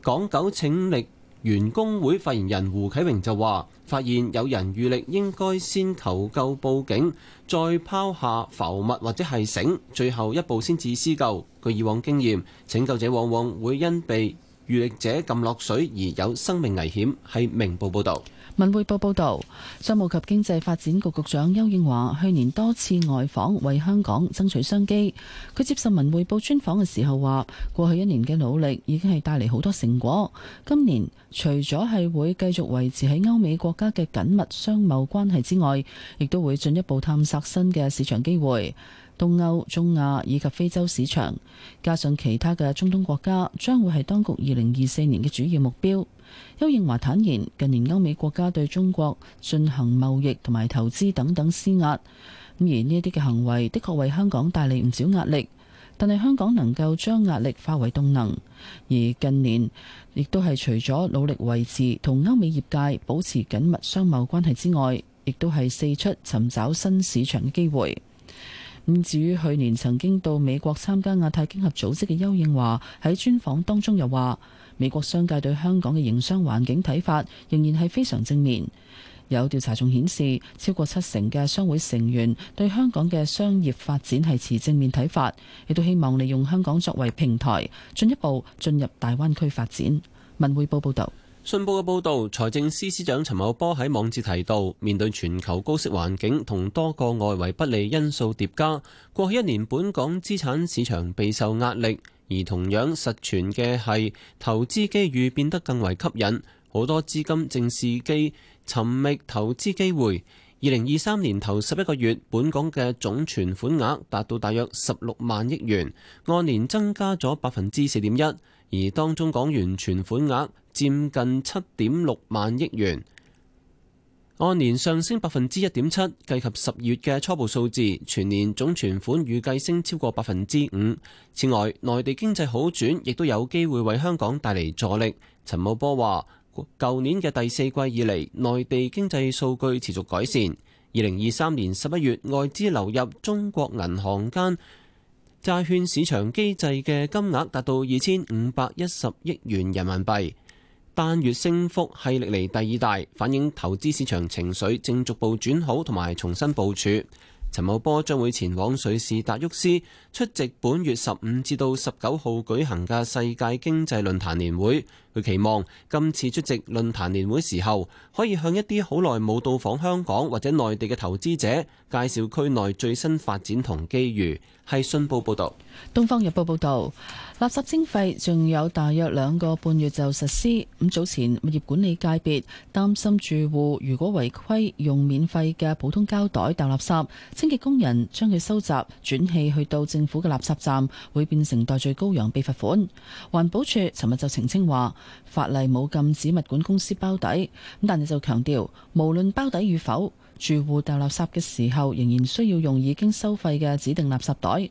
港九拯溺員工會發言人胡啟榮就話，發現有人遇溺應該先求救、報警，再拋下浮物或者係繩，最後一步先至施救。據以往經驗，拯救者往往會因被遇溺者撳落水而有生命危險。係明報報道。
文匯報報道，商務及經濟發展局局長丘應樺去年多次外訪，為香港爭取商機。佢接受文匯報專訪嘅時候話，過去一年嘅努力已經係帶嚟好多成果。今年除咗係會繼續維持喺歐美國家嘅緊密商貿關係之外，亦都會進一步探索新嘅市場機會，東歐、中亞以及非洲市場，加上其他嘅中東國家，將會係當局二零二四年嘅主要目標。邱應華坦言，近年歐美國家對中國進行貿易同埋投資等等施壓，而呢一啲嘅行為的確為香港帶嚟唔少壓力。但係香港能夠將壓力化為動能，而近年亦都係除咗努力維持同歐美業界保持緊密商貿關係之外，亦都係四出尋找新市場嘅機會。咁至於去年曾經到美國參加亞太經合組織嘅邱應華喺專訪當中又話。美國商界對香港嘅營商環境睇法仍然係非常正面。有調查仲顯示，超過七成嘅商會成員對香港嘅商業發展係持正面睇法，亦都希望利用香港作為平台，進一步進入大灣區發展。文匯報報道。
信報嘅報道，財政司司長陳茂波喺網誌提到，面對全球高息環境同多個外圍不利因素疊加，過去一年本港資產市場備受壓力。而同樣實存嘅係投資機遇變得更為吸引，好多資金正伺機尋覓投資機會。二零二三年頭十一個月，本港嘅總存款額達到大約十六萬億元，按年增加咗百分之四點一，而當中港元存款額佔近七點六萬億元。按年上升百分之一點七，計及十月嘅初步數字，全年總存款預計升超過百分之五。此外，內地經濟好轉亦都有機會為香港帶嚟助力。陳茂波話，舊年嘅第四季以嚟，內地經濟數據持續改善。二零二三年十一月，外資流入中國銀行間債券市場機制嘅金額達到二千五百一十億元人民幣。單月升幅係歷嚟第二大，反映投資市場情緒正逐步轉好同埋重新部署。陳茂波將會前往瑞士達沃斯出席本月十五至到十九號舉行嘅世界經濟論壇年會。佢期望今次出席論壇年會時候，可以向一啲好耐冇到訪香港或者內地嘅投資者介紹區內最新發展同機遇。係信報報道。
東方日報報道，垃圾徵費仲有大約兩個半月就實施。咁早前物業管理界別擔心，住戶如果違規用免費嘅普通膠袋搭垃圾，清潔工人將佢收集轉氣去到政府嘅垃圾站，會變成代罪羔羊被罰款。環保署尋日就澄清話。法例冇禁止物管公司包底，咁但係就強調，無論包底與否，住戶掉垃圾嘅時候仍然需要用已經收費嘅指定垃圾袋。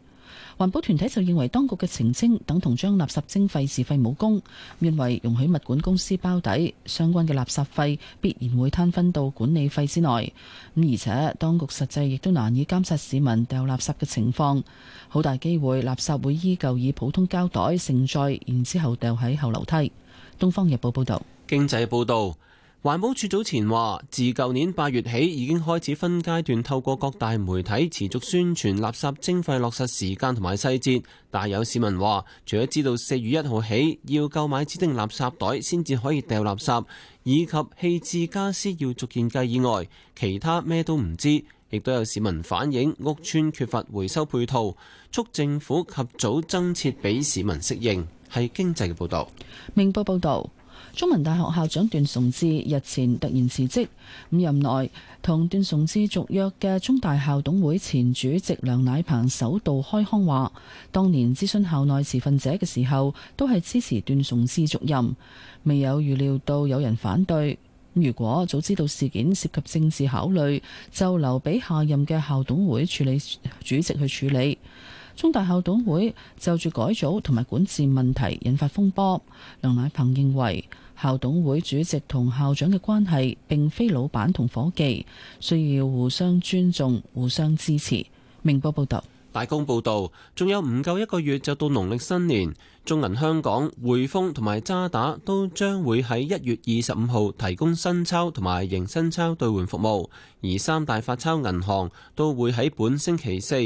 環保團體就認為當局嘅澄清等同將垃圾徵費自廢武功，認為容許物管公司包底，相關嘅垃圾費必然會攤分到管理費之內。咁而且當局實際亦都難以監察市民掉垃圾嘅情況，好大機會垃圾會依舊以普通膠袋盛載，然之後掉喺後樓梯。《東方日報》報道，
經濟報道，環保署早前話，自舊年八月起已經開始分階段透過各大媒體持續宣傳垃圾徵費落實時間同埋細節。但有市民話，除咗知道四月一號起要購買指定垃圾袋先至可以掉垃圾，以及棄置家私要逐件計以外，其他咩都唔知。亦都有市民反映屋邨缺乏回收配套，促政府及早增設俾市民適應。係經濟嘅報道。
明報報道，中文大學校長段崇智日前突然辭職。五任內同段崇智續約嘅中大校董會前主席梁乃鵬首度開腔話，當年諮詢校內持份者嘅時候，都係支持段崇智續任，未有預料到有人反對。如果早知道事件涉及政治考慮，就留俾下任嘅校董會處理主席去處理。中大校董會就住改組同埋管治問題引發風波。梁乃鵬認為校董會主席同校長嘅關係，並非老闆同伙計，需要互相尊重、互相支持。明報報道，
大公報道，仲有唔夠一個月就到農曆新年，中銀香港、匯豐同埋渣打都將會喺一月二十五號提供新鈔同埋迎新鈔兌換服務，而三大發鈔銀行都會喺本星期四。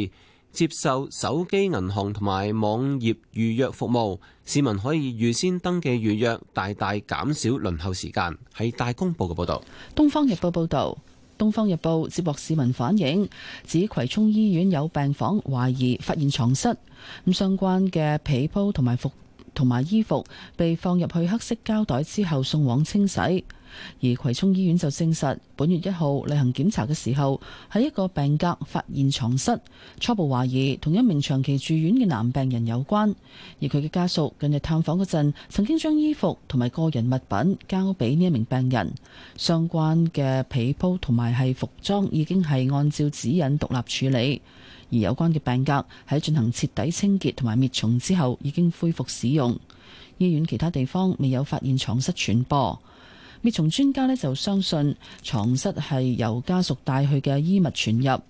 接受手機銀行同埋網頁預約服務，市民可以預先登記預約，大大減少輪候時間。係大公報嘅報道。東報報導，
《東方日報》報道，《東方日報》接獲市民反映，指葵涌醫院有病房懷疑發現床蝨，咁相關嘅被鋪同埋服同埋衣服被放入去黑色膠袋之後送往清洗。而葵涌醫院就證實，本月一號例行檢查嘅時候，喺一個病格發現床蝨，初步懷疑同一名長期住院嘅男病人有關。而佢嘅家屬近日探訪嗰陣，曾經將衣服同埋個人物品交俾呢一名病人。相關嘅被鋪同埋係服裝已經係按照指引獨立處理，而有關嘅病格喺進行徹底清潔同埋滅蟲之後，已經恢復使用。醫院其他地方未有發現床蝨傳播。滅蟲專家咧就相信床蝨係由家屬帶去嘅衣物傳入，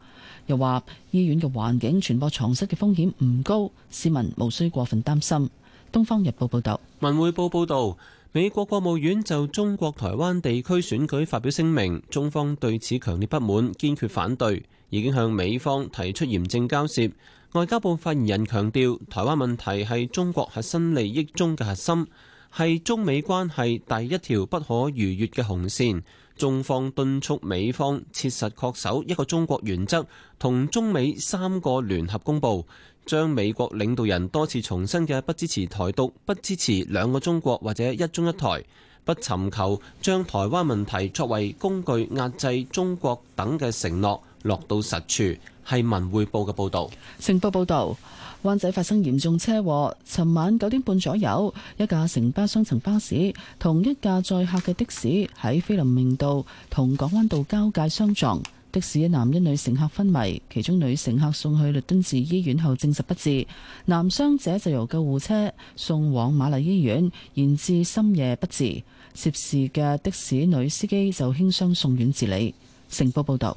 又話醫院嘅環境傳播床蝨嘅風險唔高，市民無需過分擔心。《東方日報》報道，
《文匯報》報道，美國國務院就中國台灣地區選舉發表聲明，中方對此強烈不滿，堅決反對，已經向美方提出嚴正交涉。外交部發言人強調，台灣問題係中國核心利益中嘅核心，係中美關係第一條不可逾越嘅紅線，中方敦促美方切實恪守一個中國原則，同中美三個聯合公報，將美國領導人多次重申嘅不支持台獨、不支持兩個中國或者一中一台、不尋求將台灣問題作為工具壓制中國等嘅承諾落到實處。係《文匯報》嘅報道，《
成報》報道。灣仔發生嚴重車禍，尋晚九點半左右，一架城巴雙層巴士同一架載客嘅的、的士喺菲林明道同港灣道交界相撞，的士一男一女乘客昏迷，其中女乘客送去律敦治醫院後證實不治，男傷者就由救護車送往瑪麗醫院，延至深夜不治。涉事嘅的、的士女司機就輕傷送院治理。成報報道。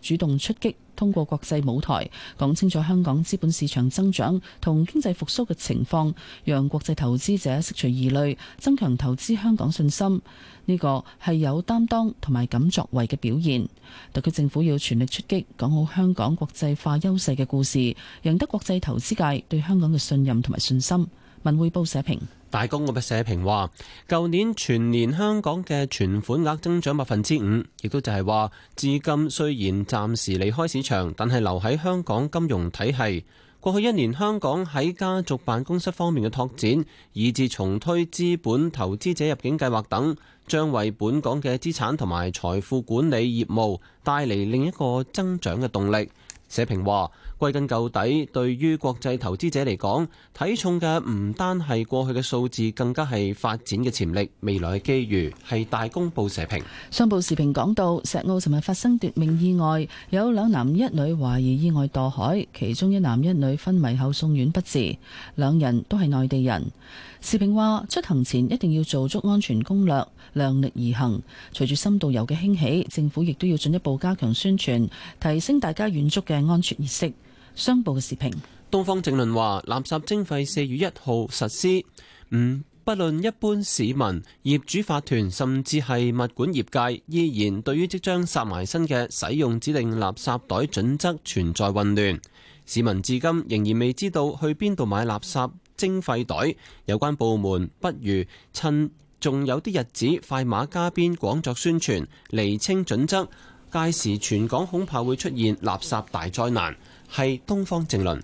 主動出擊，通過國際舞台講清楚香港資本市場增長同經濟復甦嘅情況，讓國際投資者釋除疑慮，增強投資香港信心。呢、這個係有擔當同埋敢作為嘅表現。特區政府要全力出擊，講好香港國際化優勢嘅故事，贏得國際投資界對香港嘅信任同埋信心。文匯報社評。
大公嘅社評話：舊年全年香港嘅存款額增長百分之五，亦都就係話，資金雖然暫時離開市場，但係留喺香港金融體系。過去一年香港喺家族辦公室方面嘅拓展，以至重推資本投資者入境計劃等，將為本港嘅資產同埋財富管理業務帶嚟另一個增長嘅動力。社評話。歸根究底，對於國際投資者嚟講，睇重嘅唔單係過去嘅數字，更加係發展嘅潛力、未來嘅機遇。係大公報社評。
上報時評講到，石澳尋日發生奪命意外，有兩男一女懷疑意外墮海，其中一男一女昏迷後送院不治，兩人都係內地人。時評話，出行前一定要做足安全攻略，量力而行。隨住深度遊嘅興起，政府亦都要進一步加強宣傳，提升大家遠足嘅安全意識。商報嘅視頻，
東方證論話：垃圾徵費四月一號實施，五、嗯、不論一般市民、業主法團，甚至係物管業界，依然對於即將殺埋身嘅使用指定垃圾袋準則存在混亂。市民至今仍然未知道去邊度買垃圾徵費袋。有關部門不如趁仲有啲日子，快馬加鞭，廣作宣傳，釐清準則。屆時全港恐怕會出現垃圾大災難。係《東方
正論》。《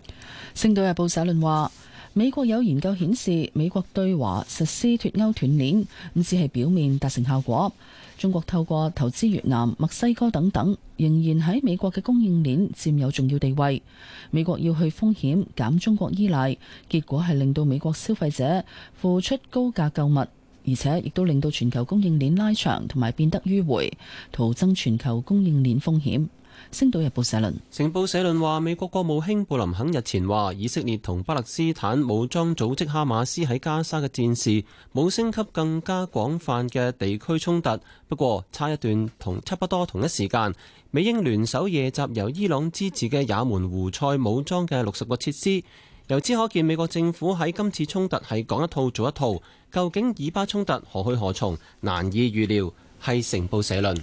星島日報》社論話，美國有研究顯示，美國對華實施脱歐斷鏈，唔只係表面達成效果。中國透過投資越南、墨西哥等等，仍然喺美國嘅供應鏈佔有重要地位。美國要去風險減中國依賴，結果係令到美國消費者付出高價購物，而且亦都令到全球供應鏈拉長同埋變得迂回，徒增全球供應鏈風險。《星島日報》社論。
成報社論話，美國國務卿布林肯日前話，以色列同巴勒斯坦武裝組織哈馬斯喺加沙嘅戰事冇升級，更加廣泛嘅地區衝突。不過，差一段同差不多同一時間，美英聯手夜襲由伊朗支持嘅也門胡塞武裝嘅六十個設施。由此可見，美國政府喺今次衝突係講一套做一套。究竟以巴衝突何去何從，難以預料。係成報社論。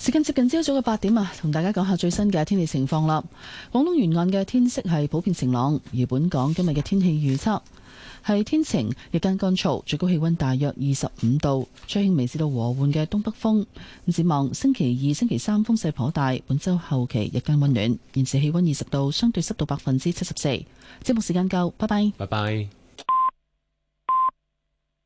時間接近朝早嘅八點啊，同大家講下最新嘅天氣情況啦。廣東沿岸嘅天色係普遍晴朗，而本港今日嘅天氣預測係天晴，日間乾燥，最高氣溫大約二十五度，吹輕微至到和緩嘅東北風。咁展望星期二、星期三風勢頗大，本周後期日間溫暖，現時氣溫二十度，相對濕度百分之七十四。節目時間夠，拜拜。
拜拜。